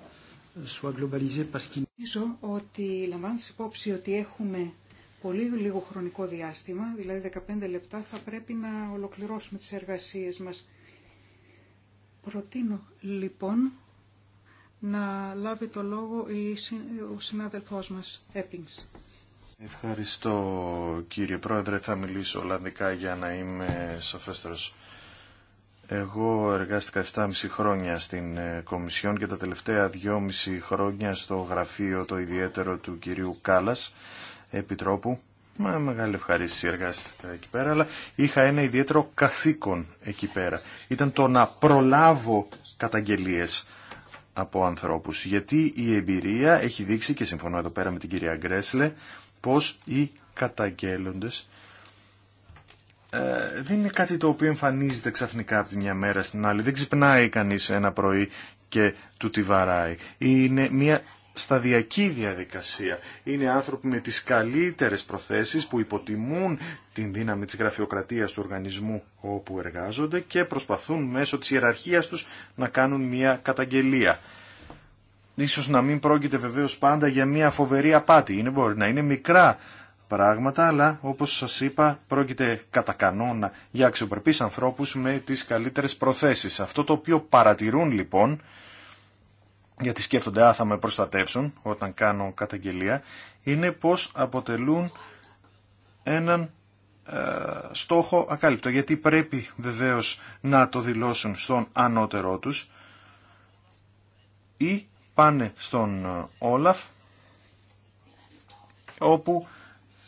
soient globalisées parce qu'il... Νομίζω ότι λαμβάνοντας υπόψη ότι έχουμε πολύ λίγο χρονικό διάστημα, δηλαδή 15 λεπτά, θα πρέπει να ολοκληρώσουμε τις εργασίες μας. Προτείνω λοιπόν να λάβει το λόγο ο συνάδελφός μας, Έπινγκς. Ευχαριστώ κύριε Πρόεδρε, θα μιλήσω Ολλανδικά για να είμαι σαφέστερος. Εγώ εργάστηκα 7,5 χρόνια στην ε, Κομισιόν και τα τελευταία 2,5 χρόνια στο γραφείο το ιδιαίτερο του κυρίου Κάλλας, Επιτρόπου. με μεγάλη ευχαρίστηση εργάστηκα εκεί πέρα, αλλά είχα ένα ιδιαίτερο καθήκον εκεί πέρα. Ήταν το να προλάβω καταγγελίες από ανθρώπους. Γιατί η εμπειρία έχει δείξει, και συμφωνώ εδώ πέρα με την κυρία Γκρέσλε, πως οι καταγγέλλοντες ε, δεν είναι κάτι το οποίο εμφανίζεται ξαφνικά από τη μια μέρα στην άλλη. Δεν ξυπνάει κανείς ένα πρωί και του τη βαράει. Είναι μια σταδιακή διαδικασία. Είναι άνθρωποι με τις καλύτερες προθέσεις που υποτιμούν την δύναμη της γραφειοκρατίας του οργανισμού όπου εργάζονται και προσπαθούν μέσω της ιεραρχίας τους να κάνουν μια καταγγελία. Ίσως να μην πρόκειται βεβαίως πάντα για μια φοβερή απάτη. Είναι, μπορεί να είναι μικρά πράγματα, αλλά όπως σας είπα πρόκειται κατά κανόνα για αξιοπρεπείς ανθρώπους με τις καλύτερες προθέσεις. Αυτό το οποίο παρατηρούν λοιπόν γιατί σκέφτονται «Α, θα με προστατεύσουν όταν κάνω καταγγελία», είναι πως αποτελούν έναν ε, στόχο ακάλυπτο, γιατί πρέπει βεβαίως να το δηλώσουν στον ανώτερό τους ή πάνε στον ε, Όλαφ, όπου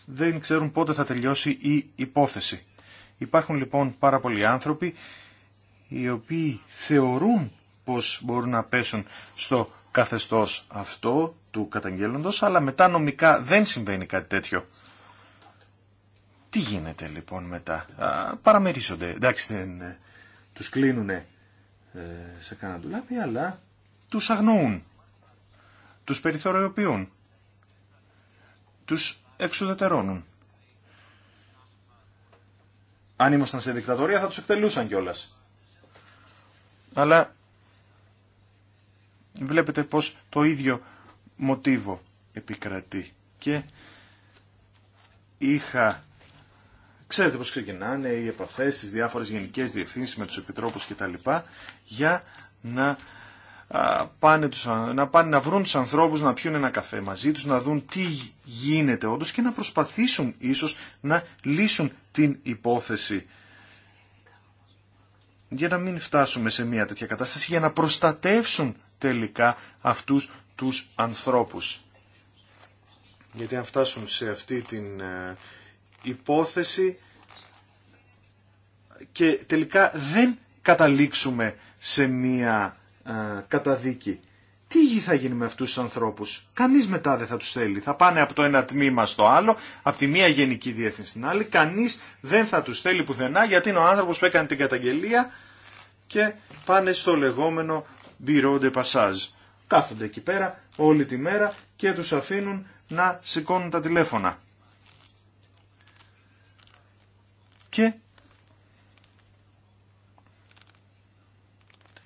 δεν ξέρουν πότε θα τελειώσει η υπόθεση. Υπάρχουν λοιπόν πάρα πολλοί άνθρωποι οι οποίοι θεωρούν πώς μπορούν να πέσουν στο καθεστώς αυτό του καταγγέλλοντος, αλλά μετά νομικά δεν συμβαίνει κάτι τέτοιο. Τι γίνεται λοιπόν μετά. Α, παραμερίζονται. Εντάξει, δεν, ε, τους κλείνουν ε, σε κανένα δουλάπι, αλλά τους αγνοούν. Τους περιθωριοποιούν. Τους εξουδετερώνουν. Αν ήμασταν σε δικτατορία θα τους εκτελούσαν κιόλας. Αλλά βλέπετε πως το ίδιο μοτίβο επικρατεί. Και είχα... Ξέρετε πώς ξεκινάνε οι επαφές στις διάφορες γενικές διευθύνσεις με τους επιτρόπους λοιπά, για να πάνε, τους, να πάνε να βρουν τους ανθρώπους να πιούν ένα καφέ μαζί τους, να δουν τι γίνεται όντω και να προσπαθήσουν ίσως να λύσουν την υπόθεση για να μην φτάσουμε σε μια τέτοια κατάσταση, για να προστατεύσουν τελικά αυτούς τους ανθρώπους. Γιατί αν φτάσουμε σε αυτή την ε, υπόθεση και τελικά δεν καταλήξουμε σε μία ε, καταδίκη. Τι γη θα γίνει με αυτούς τους ανθρώπους. Κανείς μετά δεν θα τους θέλει. Θα πάνε από το ένα τμήμα στο άλλο, από τη μία γενική διεύθυνση στην άλλη. Κανείς δεν θα τους θέλει πουθενά γιατί είναι ο άνθρωπος που έκανε την καταγγελία και πάνε στο λεγόμενο Bureau de Passage. Κάθονται εκεί πέρα όλη τη μέρα και τους αφήνουν να σηκώνουν τα τηλέφωνα. Και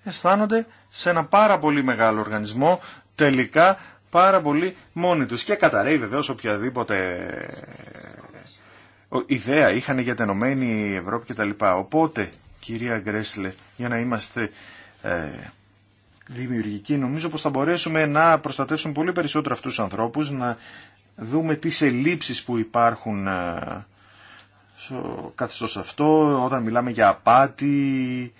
αισθάνονται σε ένα πάρα πολύ μεγάλο οργανισμό τελικά πάρα πολύ μόνοι τους. Και καταραίει βεβαίως οποιαδήποτε ε, ιδέα είχαν για την Ευρώπη Ευρώπη κτλ. Οπότε, κυρία Γκρέσλε, για να είμαστε ε, δημιουργική. νομίζω πως θα μπορέσουμε να προστατεύσουμε πολύ περισσότερο αυτούς τους ανθρώπους, να δούμε τις ελλείψεις που υπάρχουν ε, στο καθεστώς αυτό, όταν μιλάμε για απάτη,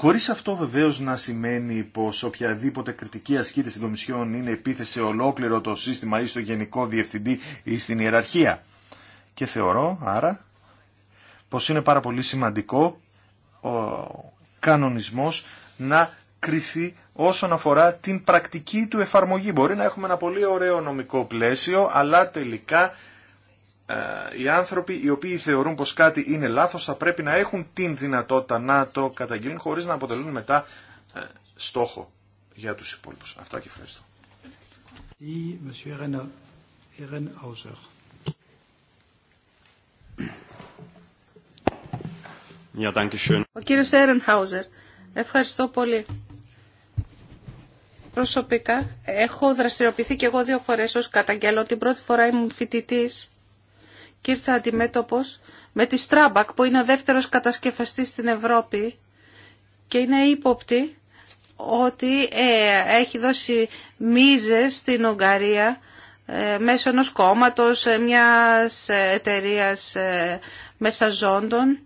Χωρίς αυτό βεβαίως να σημαίνει πως οποιαδήποτε κριτική ασκείται στην Κομισιόν είναι επίθεση ολόκληρο το σύστημα ή στο Γενικό Διευθυντή ή στην Ιεραρχία. Και θεωρώ άρα πως είναι πάρα πολύ σημαντικό ο κανονισμός να όσον αφορά την πρακτική του εφαρμογή. Μπορεί να έχουμε ένα πολύ ωραίο νομικό πλαίσιο, αλλά τελικά ε, οι άνθρωποι οι οποίοι θεωρούν πως κάτι είναι λάθος θα πρέπει να έχουν την δυνατότητα να το καταγγείλουν χωρίς να αποτελούν μετά ε, στόχο για τους υπόλοιπους. Αυτά και ευχαριστώ. Ο κύριος Έρενχάουζερ. Ευχαριστώ πολύ προσωπικά έχω δραστηριοποιηθεί και εγώ δύο φορές ως καταγγέλω. Την πρώτη φορά ήμουν φοιτητή και ήρθα αντιμέτωπο, με τη Στράμπακ που είναι ο δεύτερος κατασκευαστής στην Ευρώπη και είναι ύποπτη ότι ε, έχει δώσει μίζες στην Ουγγαρία ε, μέσω ενός κόμματος, ε, μιας εταιρείας μεσαζόντων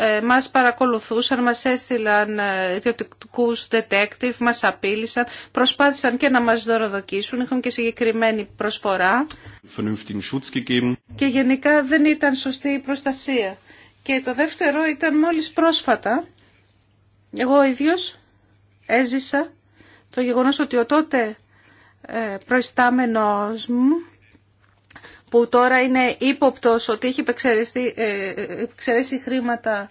ε, μας παρακολουθούσαν, μας έστειλαν ε, ιδιωτικούς detective, μας απείλησαν, προσπάθησαν και να μας δωροδοκίσουν, είχαν και συγκεκριμένη προσφορά και γενικά δεν ήταν σωστή η προστασία. Και το δεύτερο ήταν μόλις πρόσφατα, εγώ ίδιος έζησα το γεγονός ότι ο τότε ε, προϊστάμενος μου που τώρα είναι ύποπτος ότι είχε εξαιρέσει χρήματα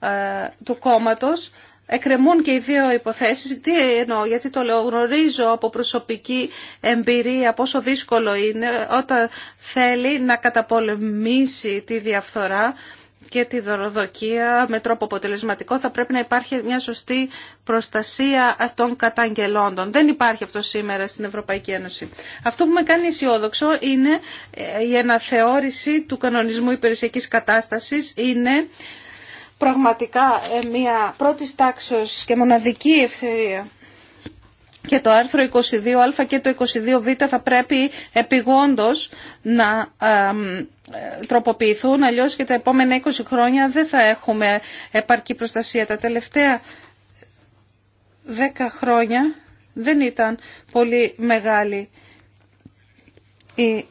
ε, του κόμματος. Εκρεμούν και οι δύο υποθέσεις. Τι εννοώ, γιατί το λέω, γνωρίζω από προσωπική εμπειρία πόσο δύσκολο είναι όταν θέλει να καταπολεμήσει τη διαφθορά και τη δωροδοκία με τρόπο αποτελεσματικό θα πρέπει να υπάρχει μια σωστή προστασία των καταγγελόντων. Δεν υπάρχει αυτό σήμερα στην Ευρωπαϊκή Ένωση. Αυτό που με κάνει αισιόδοξο είναι ε, η αναθεώρηση του κανονισμού υπηρεσιακής κατάστασης είναι πραγματικά ε, μια πρώτη τάξεως και μοναδική ευθερία. Και το άρθρο 22α και το 22β θα πρέπει επιγόντως να ε, τροποποιηθούν, αλλιώς και τα επόμενα 20 χρόνια δεν θα έχουμε επαρκή προστασία. Τα τελευταία 10 χρόνια δεν ήταν πολύ μεγάλη η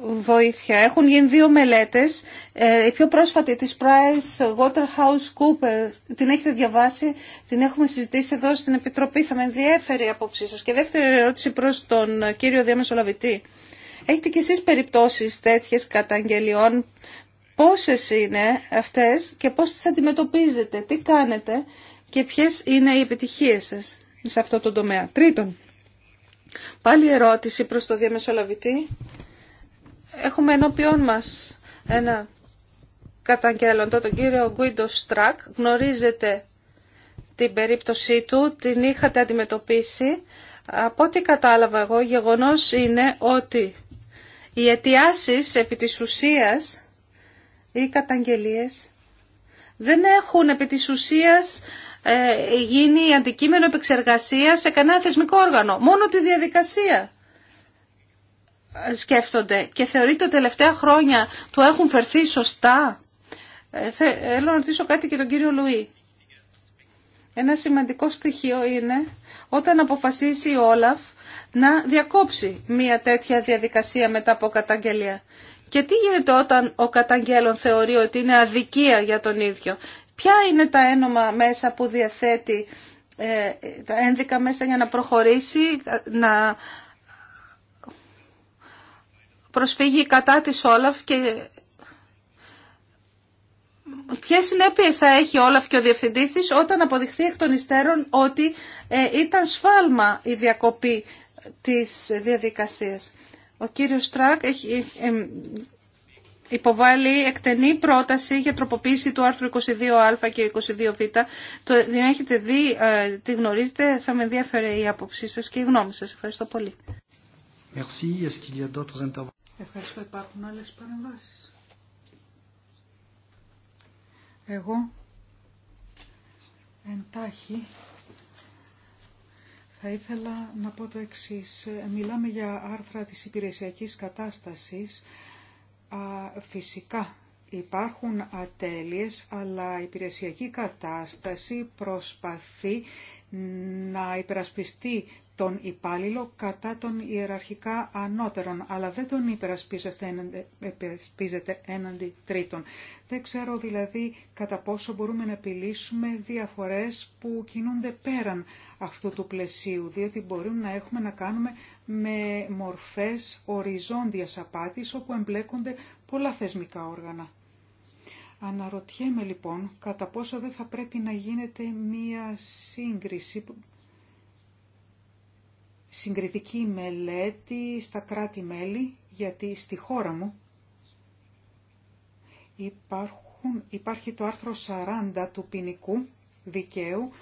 βοήθεια. Έχουν γίνει δύο μελέτες. Ε, η πιο πρόσφατη της Price Waterhouse Cooper την έχετε διαβάσει, την έχουμε συζητήσει εδώ στην Επιτροπή. Θα με ενδιαφέρει η απόψή σας. Και δεύτερη ερώτηση προς τον κύριο Διαμεσολαβητή. Έχετε κι εσείς περιπτώσεις τέτοιες καταγγελιών. Πόσες είναι αυτές και πώς τις αντιμετωπίζετε, τι κάνετε και ποιες είναι οι επιτυχίες σας σε αυτό το τομέα. Τρίτον, πάλι ερώτηση προς το διαμεσολαβητή. Έχουμε ενώπιόν μας ένα καταγγέλλοντο, τον κύριο Γκουίντο Στρακ. Γνωρίζετε την περίπτωσή του, την είχατε αντιμετωπίσει. Από ό,τι κατάλαβα εγώ, γεγονός είναι ότι οι αιτιάσει επί της ουσίας ή καταγγελίες δεν έχουν επί της ουσίας ε, γίνει αντικείμενο επεξεργασία σε κανένα θεσμικό όργανο. Μόνο τη διαδικασία σκέφτονται και θεωρείται τελευταία χρόνια του έχουν φερθεί σωστά. Ε, θέλω να ρωτήσω κάτι και τον κύριο Λουί. Ένα σημαντικό στοιχείο είναι όταν αποφασίσει ο Όλαφ να διακόψει μια τέτοια διαδικασία μετά από καταγγελία. Και τι γίνεται όταν ο καταγγέλων θεωρεί ότι είναι αδικία για τον ίδιο. Ποια είναι τα ένομα μέσα που διαθέτει, ε, τα ένδικα μέσα για να προχωρήσει, να προσφύγει κατά της Όλαφ και ποιες συνέπειες θα έχει Όλαφ και ο διευθυντής της όταν αποδειχθεί εκ των υστέρων ότι ε, ήταν σφάλμα η διακοπή της διαδικασίας. Ο κύριος Στράκ έχει υποβάλει εκτενή πρόταση για τροποποίηση του άρθρου 22α και 22β. Το, έχετε δει, ε, τη γνωρίζετε, θα με ενδιαφέρει η άποψή σας και η γνώμη σας. Ευχαριστώ πολύ. Ευχαριστώ. Υπάρχουν άλλες παρεμβάσεις. Εγώ εντάχει θα ήθελα να πω το εξής. Μιλάμε για άρθρα της υπηρεσιακής κατάστασης. φυσικά υπάρχουν ατέλειες, αλλά η υπηρεσιακή κατάσταση προσπαθεί να υπερασπιστεί τον υπάλληλο κατά τον ιεραρχικά ανώτερων, αλλά δεν τον υπερασπίζεται έναντι τρίτων. Δεν ξέρω δηλαδή κατά πόσο μπορούμε να επιλύσουμε διαφορές που κινούνται πέραν αυτού του πλαισίου, διότι μπορούμε να έχουμε να κάνουμε με μορφές οριζόντιας απάτης όπου εμπλέκονται πολλά θεσμικά όργανα. Αναρωτιέμαι λοιπόν κατά πόσο δεν θα πρέπει να γίνεται μία σύγκριση συγκριτική μελέτη στα κράτη-μέλη, γιατί στη χώρα μου υπάρχουν, υπάρχει το άρθρο 40 του ποινικού δικαίου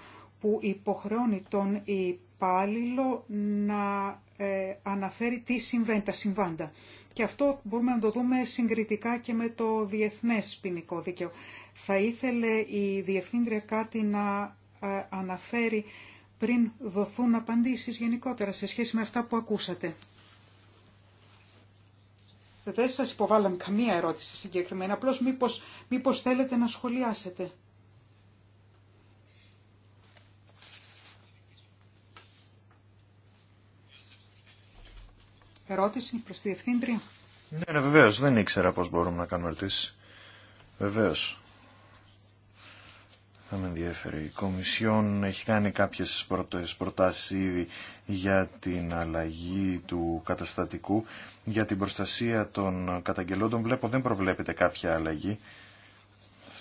που υποχρεώνει τον υπάλληλο να ε, αναφέρει τι συμβαίνει, τα συμβάντα. Και αυτό μπορούμε να το δούμε συγκριτικά και με το διεθνές ποινικό δίκαιο. Θα ήθελε η Διευθύντρια κάτι να ε, αναφέρει πριν δοθούν απαντήσεις γενικότερα σε σχέση με αυτά που ακούσατε. Δεν σας υποβάλαμε καμία ερώτηση συγκεκριμένα, απλώς μήπως, μήπως θέλετε να σχολιάσετε. Ερώτηση προς τη ευθύντρια. Ναι, ναι βεβαίως, δεν ήξερα πώς μπορούμε να κάνουμε ερωτήσεις. Βεβαίως θα με ενδιαφέρει. Η Κομισιόν έχει κάνει κάποιες πρώτες προτάσεις ήδη για την αλλαγή του καταστατικού. Για την προστασία των καταγγελόντων βλέπω δεν προβλέπεται κάποια αλλαγή.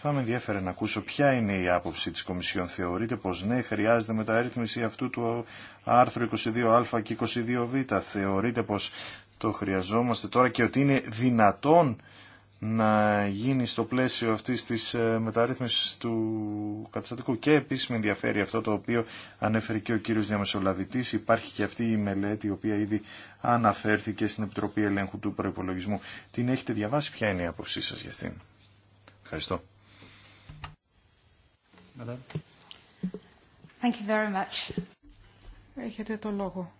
Θα με ενδιαφέρει να ακούσω ποια είναι η άποψη της Κομισιόν. Θεωρείτε πως ναι, χρειάζεται μεταρρύθμιση αυτού του άρθρου 22α και 22β. Θεωρείτε πως το χρειαζόμαστε τώρα και ότι είναι δυνατόν να γίνει στο πλαίσιο αυτής της ε, μεταρρύθμισης του καταστατικού και επίσης με ενδιαφέρει αυτό το οποίο ανέφερε και ο κύριος Διαμεσολαβητής. Υπάρχει και αυτή η μελέτη η οποία ήδη αναφέρθηκε στην Επιτροπή Ελέγχου του Προϋπολογισμού. Την έχετε διαβάσει, ποια είναι η άποψή σας για αυτήν. Ευχαριστώ. Thank you very much. Έχετε το λόγο.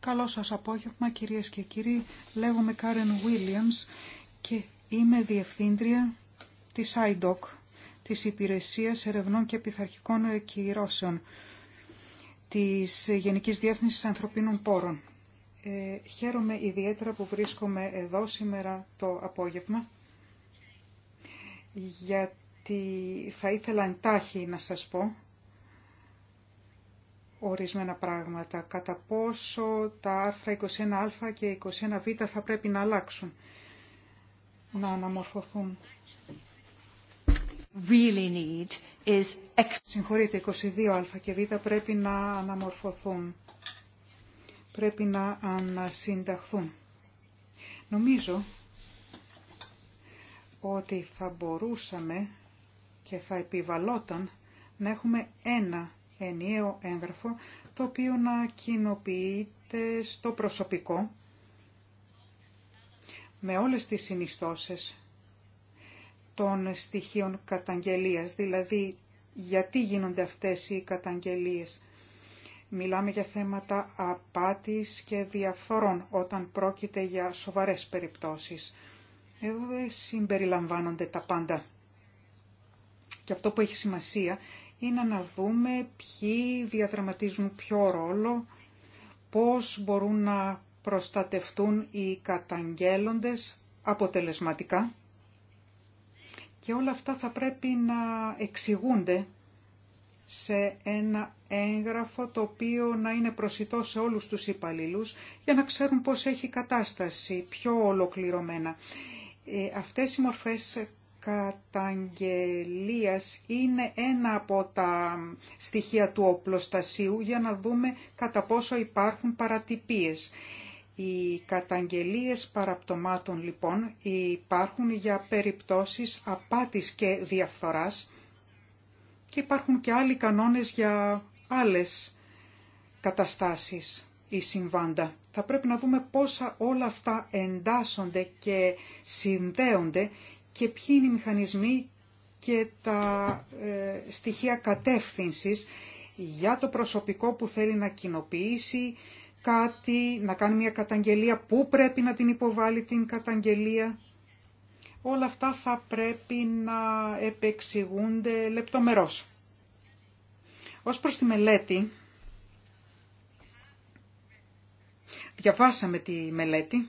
Καλό σας απόγευμα κυρίες και κύριοι. Λέγομαι Κάρεν Βίλιαμς και Είμαι διευθύντρια της IDOC, της Υπηρεσίας Ερευνών και Επιθαρχικών Εκυρώσεων, της Γενικής Διεύθυνσης Ανθρωπίνων Πόρων. Ε, χαίρομαι ιδιαίτερα που βρίσκομαι εδώ σήμερα το απόγευμα, γιατί θα ήθελα εντάχει να σας πω ορισμένα πράγματα, κατά πόσο τα άρθρα 21α και 21β θα πρέπει να αλλάξουν να αναμορφωθούν. Really need is... Συγχωρείτε, 22α και β πρέπει να αναμορφωθούν. Πρέπει να ανασυνταχθούν. Νομίζω ότι θα μπορούσαμε και θα επιβαλόταν να έχουμε ένα ενιαίο έγγραφο το οποίο να κοινοποιείται στο προσωπικό με όλες τις συνιστώσεις των στοιχείων καταγγελίας, δηλαδή γιατί γίνονται αυτές οι καταγγελίες. Μιλάμε για θέματα απάτης και διαφόρων όταν πρόκειται για σοβαρές περιπτώσεις. Εδώ δεν συμπεριλαμβάνονται τα πάντα. Και αυτό που έχει σημασία είναι να δούμε ποιοι διαδραματίζουν ποιο ρόλο, πώς μπορούν να προστατευτούν οι καταγγέλλοντες αποτελεσματικά και όλα αυτά θα πρέπει να εξηγούνται σε ένα έγγραφο το οποίο να είναι προσιτό σε όλους τους υπαλλήλους για να ξέρουν πώς έχει κατάσταση πιο ολοκληρωμένα. Ε, αυτές οι μορφές καταγγελίας είναι ένα από τα στοιχεία του οπλοστασίου για να δούμε κατά πόσο υπάρχουν παρατυπίες. Οι καταγγελίες παραπτωμάτων λοιπόν υπάρχουν για περιπτώσεις απάτης και διαφθοράς και υπάρχουν και άλλοι κανόνες για άλλες καταστάσεις ή συμβάντα. Θα πρέπει να δούμε πόσα όλα αυτά εντάσσονται και συνδέονται και ποιοι είναι οι μηχανισμοί και τα ε, στοιχεία κατεύθυνσης για το προσωπικό που θέλει να κοινοποιήσει κάτι, να κάνει μια καταγγελία, πού πρέπει να την υποβάλει την καταγγελία. Όλα αυτά θα πρέπει να επεξηγούνται λεπτομερώς. Ως προς τη μελέτη, διαβάσαμε τη μελέτη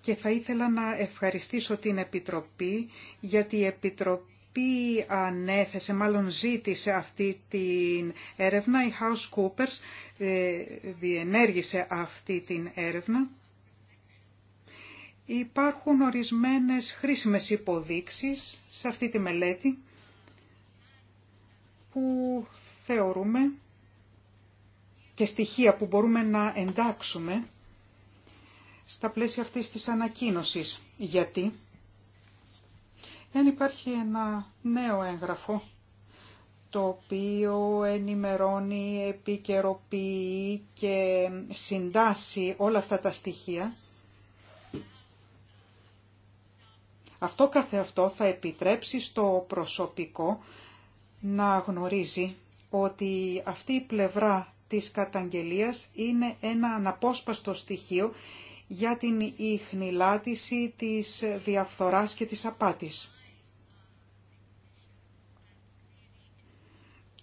και θα ήθελα να ευχαριστήσω την Επιτροπή για η Επιτροπή Ποιοι ανέθεσε, μάλλον ζήτησε αυτή την έρευνα. Η House Coopers ε, διενέργησε αυτή την έρευνα. Υπάρχουν ορισμένες χρήσιμες υποδείξεις σε αυτή τη μελέτη που θεωρούμε και στοιχεία που μπορούμε να εντάξουμε στα πλαίσια αυτής της ανακοίνωσης. Γιατί Εν υπάρχει ένα νέο έγγραφο το οποίο ενημερώνει, επικαιροποιεί και συντάσσει όλα αυτά τα στοιχεία. Αυτό καθεαυτό θα επιτρέψει στο προσωπικό να γνωρίζει ότι αυτή η πλευρά της καταγγελίας είναι ένα αναπόσπαστο στοιχείο για την ίχνηλάτηση της διαφθοράς και της απάτης.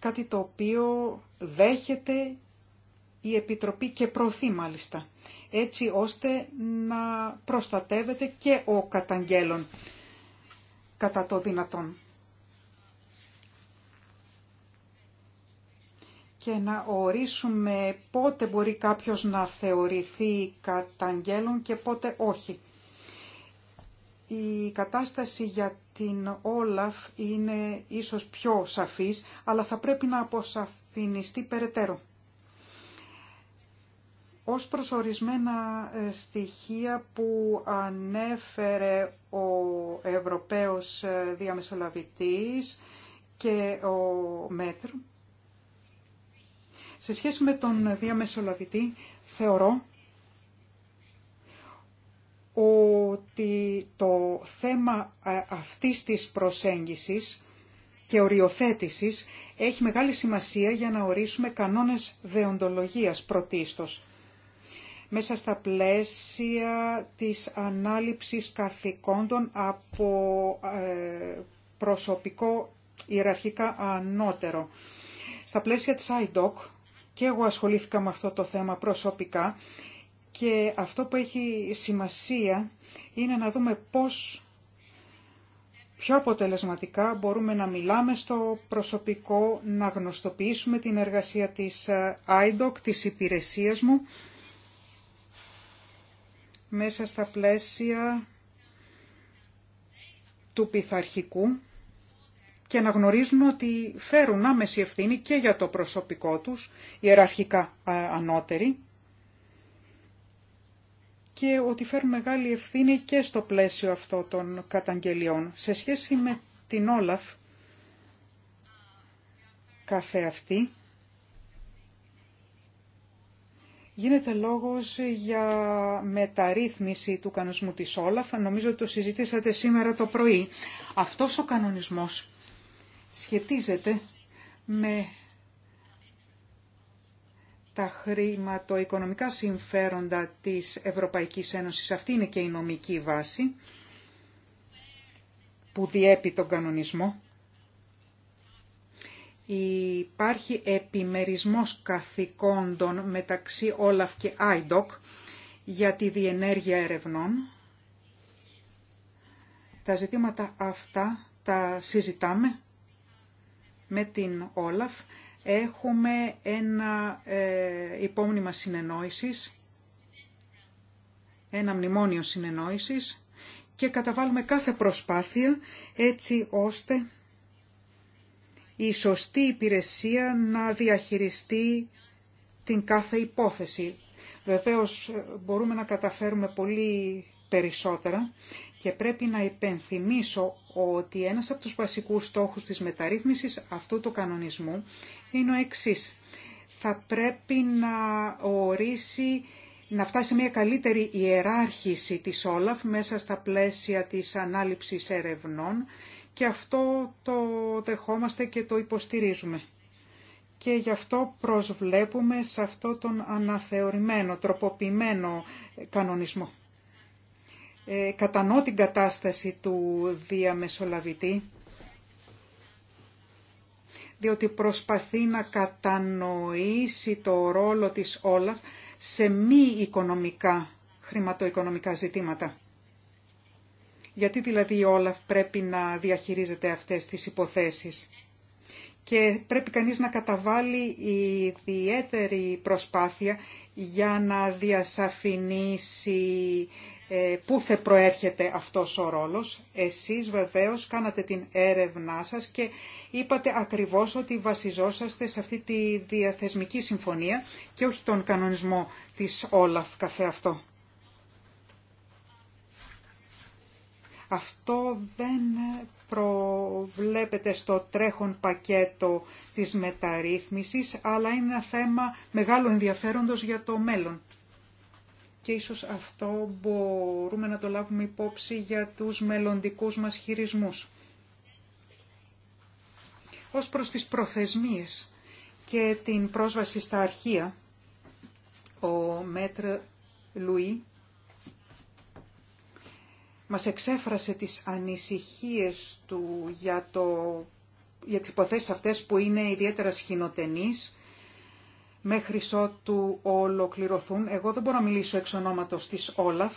κάτι το οποίο δέχεται η Επιτροπή και προωθεί μάλιστα, έτσι ώστε να προστατεύεται και ο καταγγέλων κατά το δυνατόν. και να ορίσουμε πότε μπορεί κάποιος να θεωρηθεί καταγγέλων και πότε όχι. Η κατάσταση για την Όλαφ είναι ίσως πιο σαφής, αλλά θα πρέπει να αποσαφινιστεί περαιτέρω. Ως προσορισμένα ε, στοιχεία που ανέφερε ο Ευρωπαίος ε, Διαμεσολαβητής και ο Μέτρ, σε σχέση με τον Διαμεσολαβητή θεωρώ ότι το θέμα ε, αυτής της προσέγγισης και οριοθέτησης έχει μεγάλη σημασία για να ορίσουμε κανόνες δεοντολογίας πρωτίστως μέσα στα πλαίσια της ανάληψης καθηκόντων από ε, προσωπικό ιεραρχικά ανώτερο. Στα πλαίσια της IDOC, και εγώ ασχολήθηκα με αυτό το θέμα προσωπικά, και αυτό που έχει σημασία είναι να δούμε πώς πιο αποτελεσματικά μπορούμε να μιλάμε στο προσωπικό, να γνωστοποιήσουμε την εργασία της ε, IDOC, της υπηρεσίας μου, μέσα στα πλαίσια του πειθαρχικού και να γνωρίζουν ότι φέρουν άμεση ευθύνη και για το προσωπικό τους, ιεραρχικά ε, ανώτεροι, και ότι φέρουν μεγάλη ευθύνη και στο πλαίσιο αυτό των καταγγελιών. Σε σχέση με την Όλαφ, καθε αυτή, γίνεται λόγος για μεταρρύθμιση του κανονισμού της Όλαφ. Νομίζω ότι το συζητήσατε σήμερα το πρωί. Αυτός ο κανονισμός σχετίζεται με τα χρηματοοικονομικά συμφέροντα της Ευρωπαϊκής Ένωσης. Αυτή είναι και η νομική βάση που διέπει τον κανονισμό. Υπάρχει επιμερισμός καθηκόντων μεταξύ Όλαφ και ΆΙΔΟΚ για τη διενέργεια ερευνών. Τα ζητήματα αυτά τα συζητάμε με την Όλαφ Έχουμε ένα ε, υπόμνημα συνεννόησης, ένα μνημόνιο συνεννόησης και καταβάλουμε κάθε προσπάθεια έτσι ώστε η σωστή υπηρεσία να διαχειριστεί την κάθε υπόθεση. Βεβαίως ε, μπορούμε να καταφέρουμε πολύ περισσότερα και πρέπει να υπενθυμίσω ότι ένας από τους βασικούς στόχους της μεταρρύθμισης αυτού του κανονισμού είναι ο εξής. Θα πρέπει να ορίσει να φτάσει μια καλύτερη ιεράρχηση της Όλαφ μέσα στα πλαίσια της ανάληψης ερευνών και αυτό το δεχόμαστε και το υποστηρίζουμε. Και γι' αυτό προσβλέπουμε σε αυτό τον αναθεωρημένο, τροποποιημένο κανονισμό ε, κατανοώ την κατάσταση του διαμεσολαβητή, διότι προσπαθεί να κατανοήσει το ρόλο της Όλαφ σε μη οικονομικά, χρηματοοικονομικά ζητήματα. Γιατί δηλαδή η Όλαφ πρέπει να διαχειρίζεται αυτές τις υποθέσεις. Και πρέπει κανείς να καταβάλει ιδιαίτερη προσπάθεια για να διασαφηνίσει ε, πού θα προέρχεται αυτός ο ρόλος. Εσείς βεβαίως κάνατε την έρευνά σας και είπατε ακριβώς ότι βασιζόσαστε σε αυτή τη διαθεσμική συμφωνία και όχι τον κανονισμό της Όλαφ καθεαυτό. Αυτό δεν προβλέπεται στο τρέχον πακέτο της μεταρρύθμισης, αλλά είναι ένα θέμα μεγάλου ενδιαφέροντος για το μέλλον και ίσως αυτό μπορούμε να το λάβουμε υπόψη για τους μελλοντικούς μας χειρισμούς. Ως προς τις προθεσμίες και την πρόσβαση στα αρχεία, ο Μέτρ Λουί μας εξέφρασε τις ανησυχίες του για, το, για τις υποθέσεις αυτές που είναι ιδιαίτερα σχηνοτενείς μέχρι ότου ολοκληρωθούν. Εγώ δεν μπορώ να μιλήσω εξ ονόματος της Όλαφ.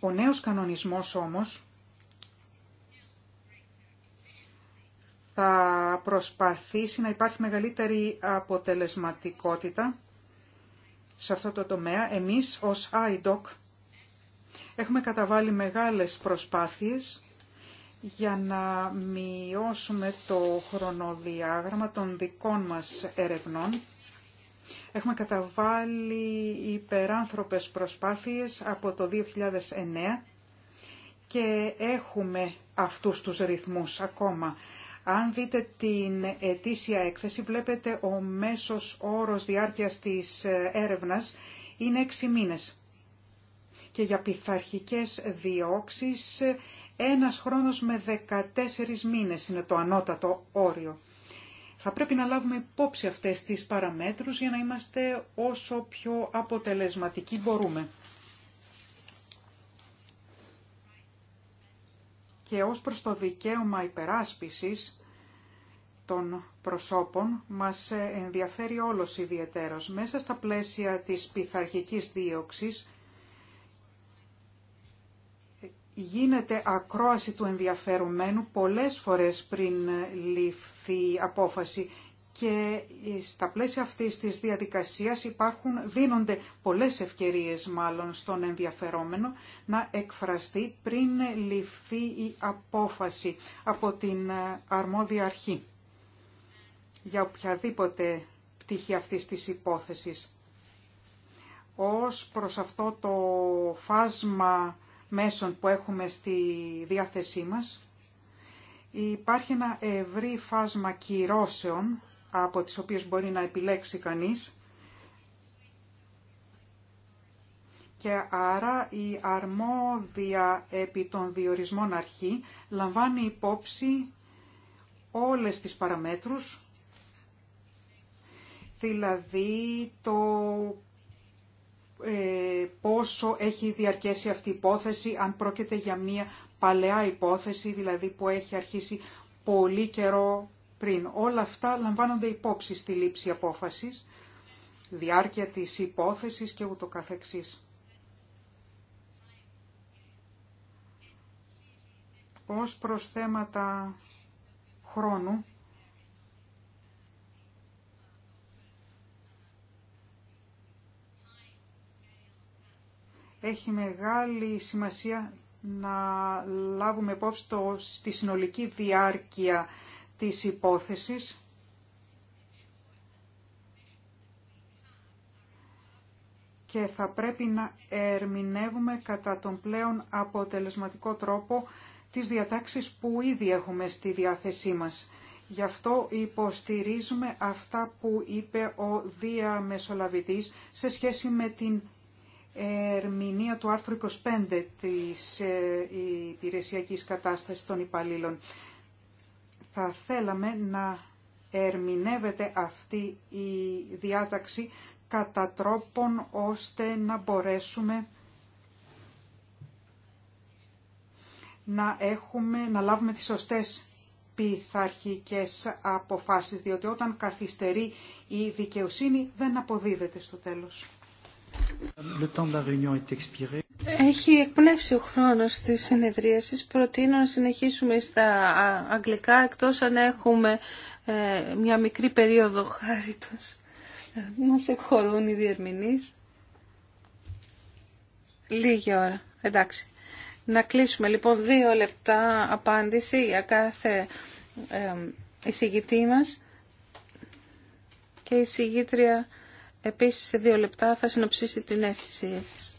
Ο νέος κανονισμός όμως θα προσπαθήσει να υπάρχει μεγαλύτερη αποτελεσματικότητα σε αυτό το τομέα. Εμείς ως IDOC έχουμε καταβάλει μεγάλες προσπάθειες για να μειώσουμε το χρονοδιάγραμμα των δικών μας ερευνών. Έχουμε καταβάλει υπεράνθρωπες προσπάθειες από το 2009 και έχουμε αυτούς τους ρυθμούς ακόμα. Αν δείτε την ετήσια έκθεση βλέπετε ο μέσος όρος διάρκειας της έρευνας είναι 6 μήνες. Και για πειθαρχικές διώξεις ένας χρόνος με 14 μήνες είναι το ανώτατο όριο. Θα πρέπει να λάβουμε υπόψη αυτές τις παραμέτρους για να είμαστε όσο πιο αποτελεσματικοί μπορούμε. Και ως προς το δικαίωμα υπεράσπισης των προσώπων μας ενδιαφέρει όλος ιδιαίτερος. Μέσα στα πλαίσια της πειθαρχικής δίωξης γίνεται ακρόαση του ενδιαφερομένου πολλές φορές πριν ληφθεί η απόφαση και στα πλαίσια αυτής της διαδικασίας υπάρχουν, δίνονται πολλές ευκαιρίες μάλλον στον ενδιαφερόμενο να εκφραστεί πριν ληφθεί η απόφαση από την αρμόδια αρχή για οποιαδήποτε πτυχή αυτής της υπόθεσης. Ως προς αυτό το φάσμα μέσων που έχουμε στη διάθεσή μας. Υπάρχει ένα ευρύ φάσμα κυρώσεων από τις οποίες μπορεί να επιλέξει κανείς και άρα η αρμόδια επί των διορισμών αρχή λαμβάνει υπόψη όλες τις παραμέτρους, δηλαδή το ε, πόσο έχει διαρκέσει αυτή η υπόθεση, αν πρόκειται για μια παλαιά υπόθεση, δηλαδή που έχει αρχίσει πολύ καιρό πριν. Όλα αυτά λαμβάνονται υπόψη στη λήψη απόφασης, διάρκεια της υπόθεσης και ούτω καθεξής. Ως προς θέματα χρόνου, έχει μεγάλη σημασία να λάβουμε υπόψη το, στη συνολική διάρκεια της υπόθεσης. και θα πρέπει να ερμηνεύουμε κατά τον πλέον αποτελεσματικό τρόπο τις διατάξεις που ήδη έχουμε στη διάθεσή μας. Γι' αυτό υποστηρίζουμε αυτά που είπε ο Δία Μεσολαβητής σε σχέση με την ερμηνεία του άρθρου 25 της ε, υπηρεσιακής κατάστασης των υπαλλήλων. Θα θέλαμε να ερμηνεύεται αυτή η διάταξη κατά τρόπον ώστε να μπορέσουμε να, έχουμε, να λάβουμε τις σωστές πειθαρχικές αποφάσεις, διότι όταν καθυστερεί η δικαιοσύνη δεν αποδίδεται στο τέλος. Έχει εκπνεύσει ο χρόνο της συνεδρίασης. Προτείνω να συνεχίσουμε στα αγγλικά, εκτός αν έχουμε ε, μια μικρή περίοδο χάριτος. Μας εκχωρούν οι διερμηνείς. Λίγη ώρα. Εντάξει. Να κλείσουμε λοιπόν δύο λεπτά απάντηση για κάθε ε, εισηγητή μας και η εισηγήτρια επίσης σε δύο λεπτά θα συνοψίσει την αίσθηση της.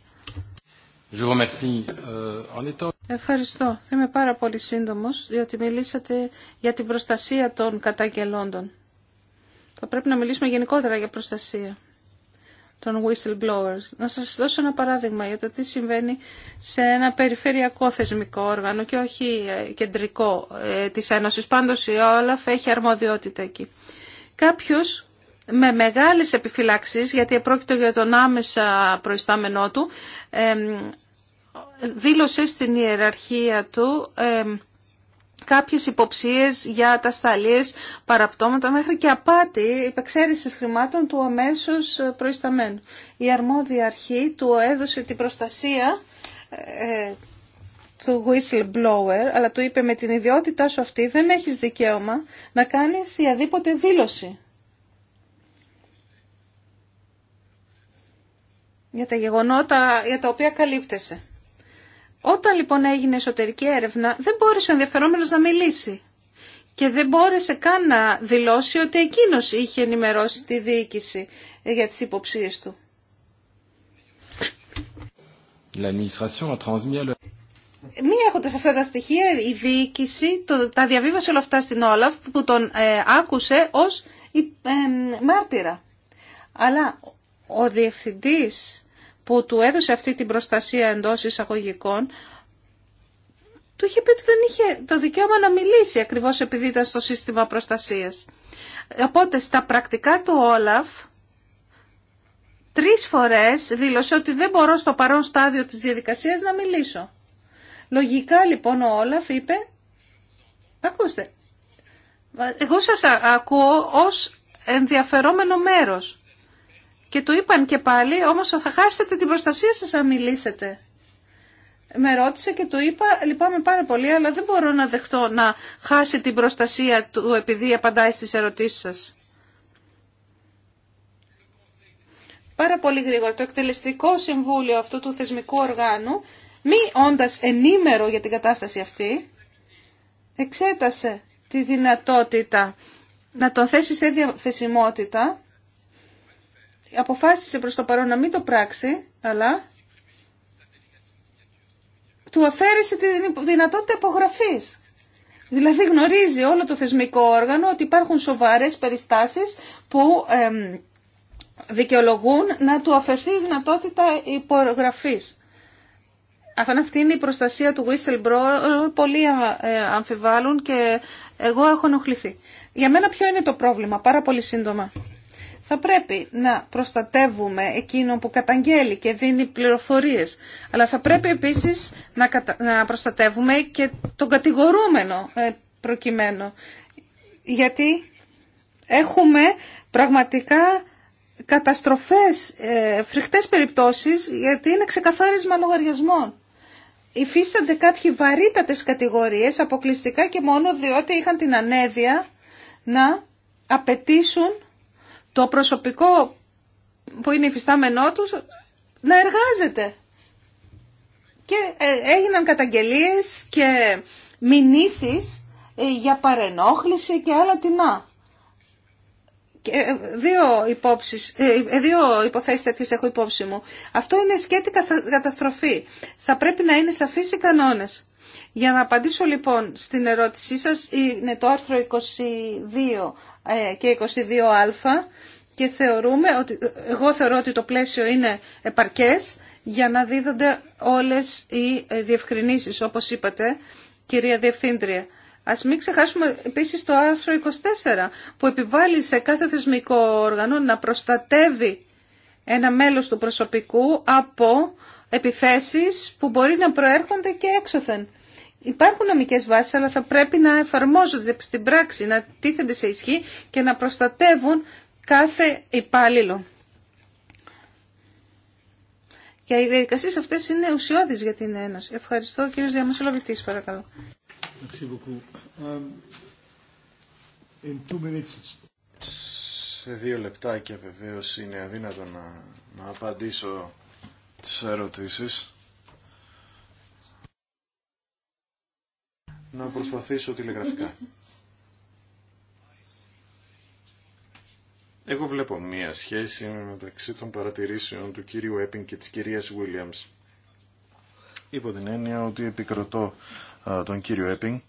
Ε, Ευχαριστώ. Θα είμαι πάρα πολύ σύντομος, διότι μιλήσατε για την προστασία των καταγγελόντων. Θα πρέπει να μιλήσουμε γενικότερα για προστασία των whistleblowers. Να σας δώσω ένα παράδειγμα για το τι συμβαίνει σε ένα περιφερειακό θεσμικό όργανο και όχι ε, κεντρικό ε, της Ένωσης. Πάντως η Όλαφ έχει αρμοδιότητα εκεί. Κάποιος με μεγάλες επιφυλάξεις, γιατί πρόκειται για τον άμεσα προϊστάμενό του, δήλωσε στην ιεραρχία του κάποιες υποψίες για τα σταλίες παραπτώματα μέχρι και απάτη υπεξαίρεσης χρημάτων του αμέσως προϊσταμένου. Η αρμόδια αρχή του έδωσε την προστασία ε, του whistleblower, αλλά του είπε με την ιδιότητά σου αυτή δεν έχεις δικαίωμα να κάνεις η αδίποτε δήλωση. για τα γεγονότα για τα οποία καλύπτεσαι. Όταν λοιπόν έγινε εσωτερική έρευνα, δεν μπόρεσε ο ενδιαφερόμενος να μιλήσει. Και δεν μπόρεσε καν να δηλώσει ότι εκείνος είχε ενημερώσει τη διοίκηση για τις υποψίες του. Μη έχοντα αυτά τα στοιχεία, η διοίκηση το, τα διαβίβασε όλα αυτά στην Όλαφ που τον ε, άκουσε ως ε, μάρτυρα. Αλλά ο διευθυντής που του έδωσε αυτή την προστασία εντό εισαγωγικών, του είχε πει ότι δεν είχε το δικαίωμα να μιλήσει ακριβώς επειδή ήταν στο σύστημα προστασίας. Οπότε στα πρακτικά του Όλαφ, τρεις φορές δήλωσε ότι δεν μπορώ στο παρόν στάδιο της διαδικασίας να μιλήσω. Λογικά λοιπόν ο Όλαφ είπε, ακούστε, εγώ σας ακούω ως ενδιαφερόμενο μέρος. Και του είπαν και πάλι, όμως θα χάσετε την προστασία σας αν μιλήσετε. Με ρώτησε και του είπα, λυπάμαι πάρα πολύ, αλλά δεν μπορώ να δεχτώ να χάσει την προστασία του επειδή απαντάει στις ερωτήσεις σας. Πάρα πολύ γρήγορα. Το εκτελεστικό συμβούλιο αυτού του θεσμικού οργάνου, μη όντας ενήμερο για την κατάσταση αυτή, εξέτασε τη δυνατότητα να τον θέσει σε διαθεσιμότητα αποφάσισε προς το παρόν να μην το πράξει, αλλά του αφαίρεσε τη δυνατότητα υπογραφής Δηλαδή γνωρίζει όλο το θεσμικό όργανο ότι υπάρχουν σοβαρές περιστάσεις που δικαιολογούν να του αφαιρθεί η δυνατότητα υπογραφής. Αν αυτή είναι η προστασία του whistleblower, πολλοί ε, αμφιβάλλουν και εγώ έχω ενοχληθεί. Για μένα ποιο είναι το πρόβλημα, πάρα πολύ σύντομα θα πρέπει να προστατεύουμε εκείνο που καταγγέλει και δίνει πληροφορίες. Αλλά θα πρέπει επίσης να προστατεύουμε και τον κατηγορούμενο ε, προκειμένο Γιατί έχουμε πραγματικά καταστροφές, ε, φρικτές περιπτώσεις, γιατί είναι ξεκαθάρισμα λογαριασμών. Υφίστανται κάποιοι βαρύτατες κατηγορίες αποκλειστικά και μόνο διότι είχαν την ανέδεια να απαιτήσουν το προσωπικό που είναι υφιστάμενό τους να εργάζεται. Και ε, έγιναν καταγγελίες και μηνύσεις ε, για παρενόχληση και άλλα τιμά. Ε, δύο, υπόψεις, δύο υποθέσεις τέτοιες έχω υπόψη μου. Αυτό είναι σκέτη καταστροφή. Θα πρέπει να είναι σαφείς οι κανόνες. Για να απαντήσω λοιπόν στην ερώτησή σας είναι το άρθρο 22 ε, και 22α και θεωρούμε ότι, εγώ θεωρώ ότι το πλαίσιο είναι επαρκές για να δίδονται όλες οι ε, διευκρινήσεις όπως είπατε κυρία Διευθύντρια. Ας μην ξεχάσουμε επίσης το άρθρο 24 που επιβάλλει σε κάθε θεσμικό όργανο να προστατεύει ένα μέλος του προσωπικού από επιθέσεις που μπορεί να προέρχονται και έξωθεν. Υπάρχουν νομικέ βάσει, αλλά θα πρέπει να εφαρμόζονται στην πράξη, να τίθενται σε ισχύ και να προστατεύουν κάθε υπάλληλο. Και οι διαδικασίε αυτέ είναι ουσιώδει για την Ένωση. Ευχαριστώ, κύριο Διαμεσολαβητή, παρακαλώ. Um, σε δύο λεπτά και βεβαίω είναι αδύνατο να, να απαντήσω τι ερωτήσει. να προσπαθήσω τηλεγραφικά. Εγώ βλέπω μία σχέση μεταξύ των παρατηρήσεων του κύριου Έπιν και της κυρίας Βίλιαμς. Υπό την έννοια ότι επικροτώ τον κύριο Έπιν,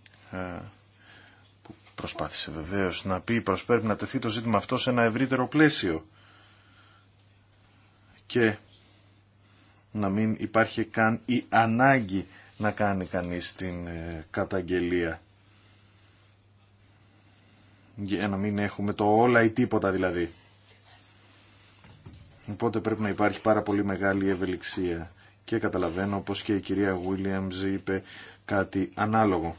που προσπάθησε βεβαίως να πει πως πρέπει να τεθεί το ζήτημα αυτό σε ένα ευρύτερο πλαίσιο και να μην υπάρχει καν η ανάγκη να κάνει κανείς την ε, καταγγελία. Για να μην έχουμε το όλα ή τίποτα δηλαδή. Οπότε πρέπει να υπάρχει πάρα πολύ μεγάλη ευελιξία. Και καταλαβαίνω πως και η κυρία Williams είπε κάτι ανάλογο.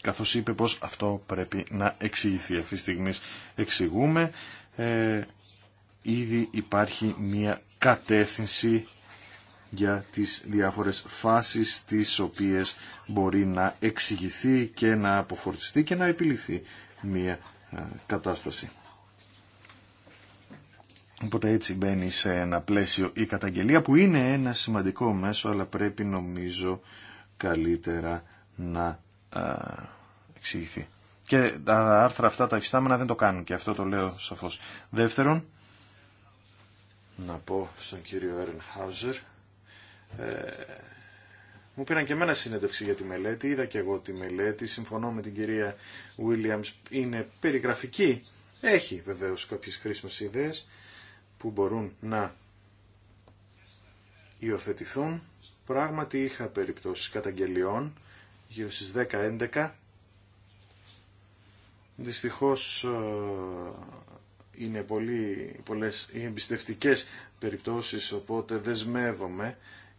καθώς είπε πως αυτό πρέπει να εξηγηθεί. Αυτή τη στιγμή εξηγούμε. Ε, ήδη υπάρχει μια κατεύθυνση για τις διάφορες φάσεις τις οποίες μπορεί να εξηγηθεί και να αποφορτιστεί και να επιληθεί μια ε, κατάσταση. Οπότε έτσι μπαίνει σε ένα πλαίσιο η καταγγελία που είναι ένα σημαντικό μέσο αλλά πρέπει νομίζω καλύτερα να ε, εξηγηθεί. Και τα άρθρα αυτά τα εφιστάμενα δεν το κάνουν και αυτό το λέω σαφώς. Δεύτερον, να πω στον κύριο Έρνχάουζερ ε, μου πήραν και εμένα συνέντευξη για τη μελέτη, είδα και εγώ τη μελέτη, συμφωνώ με την κυρία Williams, είναι περιγραφική, έχει βεβαίως κάποιες χρήσιμες ιδέες που μπορούν να υιοθετηθούν. Πράγματι είχα περιπτώσεις καταγγελιών γύρω στις 10-11. Δυστυχώς ε, είναι πολύ, πολλές εμπιστευτικές περιπτώσεις, οπότε δεσμεύομαι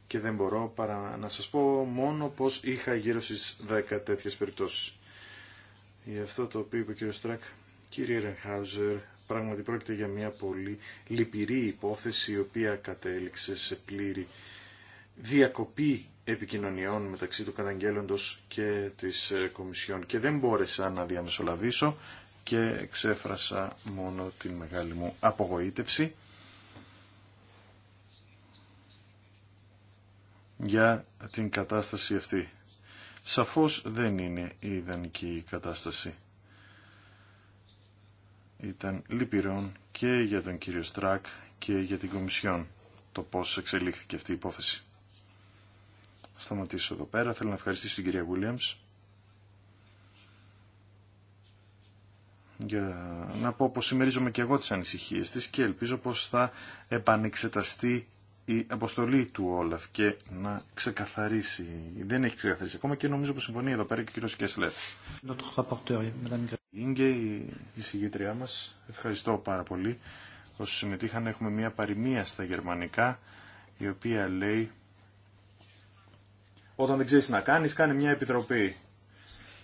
και δεν μπορώ παρά να σας πω μόνο πως είχα γύρω στις 10 τέτοιες περιπτώσεις. Γι' αυτό το οποίο είπε ο κ. Στρακ, κύριε Ρενχάουζερ, πράγματι πρόκειται για μια πολύ λυπηρή υπόθεση η οποία κατέληξε σε πλήρη διακοπή επικοινωνιών μεταξύ του καταγγέλλοντος και της ε, Κομισιόν και δεν μπόρεσα να διαμεσολαβήσω και εξέφρασα μόνο την μεγάλη μου απογοήτευση για την κατάσταση αυτή. Σαφώς δεν είναι η ιδανική κατάσταση. Ήταν λυπηρόν και για τον κύριο Στράκ και για την Κομισιόν το πώς εξελίχθηκε αυτή η υπόθεση. σταματήσω εδώ πέρα. Θέλω να ευχαριστήσω την κυρία Γουλιαμς για να πω πως συμμερίζομαι και εγώ τις ανησυχίες της και ελπίζω πως θα επανεξεταστεί η αποστολή του Όλαφ και να ξεκαθαρίσει. Δεν έχει ξεκαθαρίσει ακόμα και νομίζω που συμφωνεί εδώ πέρα και ο κ. Κέσλεφ. Είναι και η συγγήτριά μας. Ευχαριστώ πάρα πολύ. Όσοι συμμετείχαν έχουμε μια παροιμία στα γερμανικά η οποία λέει όταν δεν ξέρεις να κάνεις κάνει μια επιτροπή.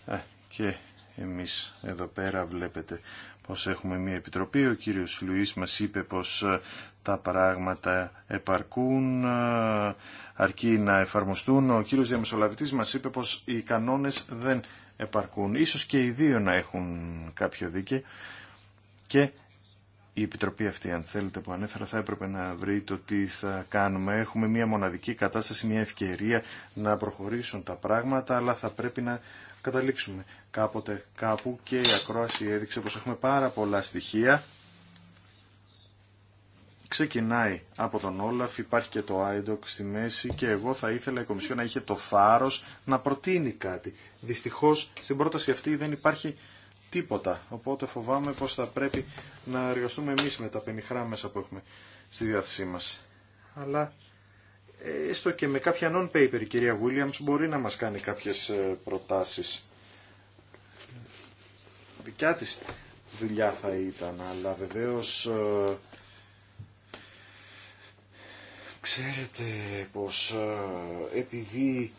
Ε, και εμείς εδώ πέρα βλέπετε πως έχουμε μια επιτροπή. Ο κύριος Λουίς μας είπε πως ε, τα πράγματα επαρκούν, ε, αρκεί να εφαρμοστούν. Ο κύριος Διαμεσολαβητής μας είπε πως οι κανόνες δεν επαρκούν. Ίσως και οι δύο να έχουν κάποιο δίκαιο και η επιτροπή αυτή, αν θέλετε, που ανέφερα, θα έπρεπε να βρει το τι θα κάνουμε. Έχουμε μια μοναδική κατάσταση, μια ευκαιρία να προχωρήσουν τα πράγματα, αλλά θα πρέπει να καταλήξουμε κάποτε κάπου και η ακρόαση έδειξε πως έχουμε πάρα πολλά στοιχεία. Ξεκινάει από τον Όλαφ, υπάρχει και το Άιντοκ στη μέση και εγώ θα ήθελα η Κομισιόν να είχε το θάρρος να προτείνει κάτι. Δυστυχώς στην πρόταση αυτή δεν υπάρχει τίποτα, οπότε φοβάμαι πως θα πρέπει να εργαστούμε εμείς με τα πενιχρά μέσα που έχουμε στη διάθεσή μας. Αλλά ε, έστω και με κάποια non-paper η κυρία Williams μπορεί να μας κάνει κάποιες ε, προτάσεις δικιά της δουλειά θα ήταν, αλλά βεβαίως ε, ξέρετε πως ε, επειδή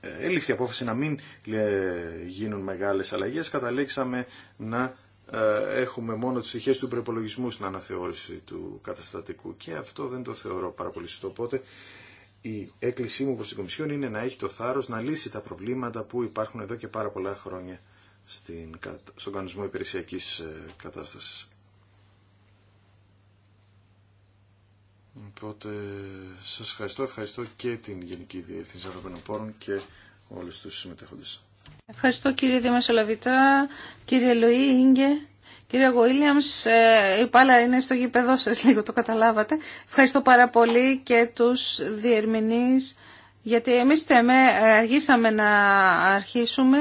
ε, έληφθη η απόφαση να μην γίνουν μεγάλες αλλαγές, καταλήξαμε να έχουμε μόνο τις ψυχές του προπολογισμού στην αναθεώρηση του καταστατικού και αυτό δεν το θεωρώ πάρα πολύ σωστό η έκκλησή μου προς την Κομισιόν είναι να έχει το θάρρος να λύσει τα προβλήματα που υπάρχουν εδώ και πάρα πολλά χρόνια στην, στον κανονισμό υπηρεσιακής ε, κατάστασης. Οπότε σας ευχαριστώ, ευχαριστώ και την Γενική Διεύθυνση Ανθρωπίνων Πόρων και όλους τους συμμετέχοντες. Ευχαριστώ κύριε Δημασολαβητά, κύριε Λουί Ίγκε. Κύριε Γουίλιαμς, ε, η πάλα είναι στο γήπεδό σας λίγο, το καταλάβατε. Ευχαριστώ πάρα πολύ και τους διερμηνείς, γιατί εμείς τέμε, ε, αργήσαμε να αρχίσουμε.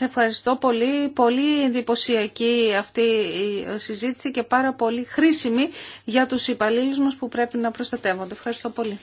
Ευχαριστώ πολύ. Πολύ εντυπωσιακή αυτή η συζήτηση και πάρα πολύ χρήσιμη για τους υπαλλήλους μας που πρέπει να προστατεύονται. Ευχαριστώ πολύ.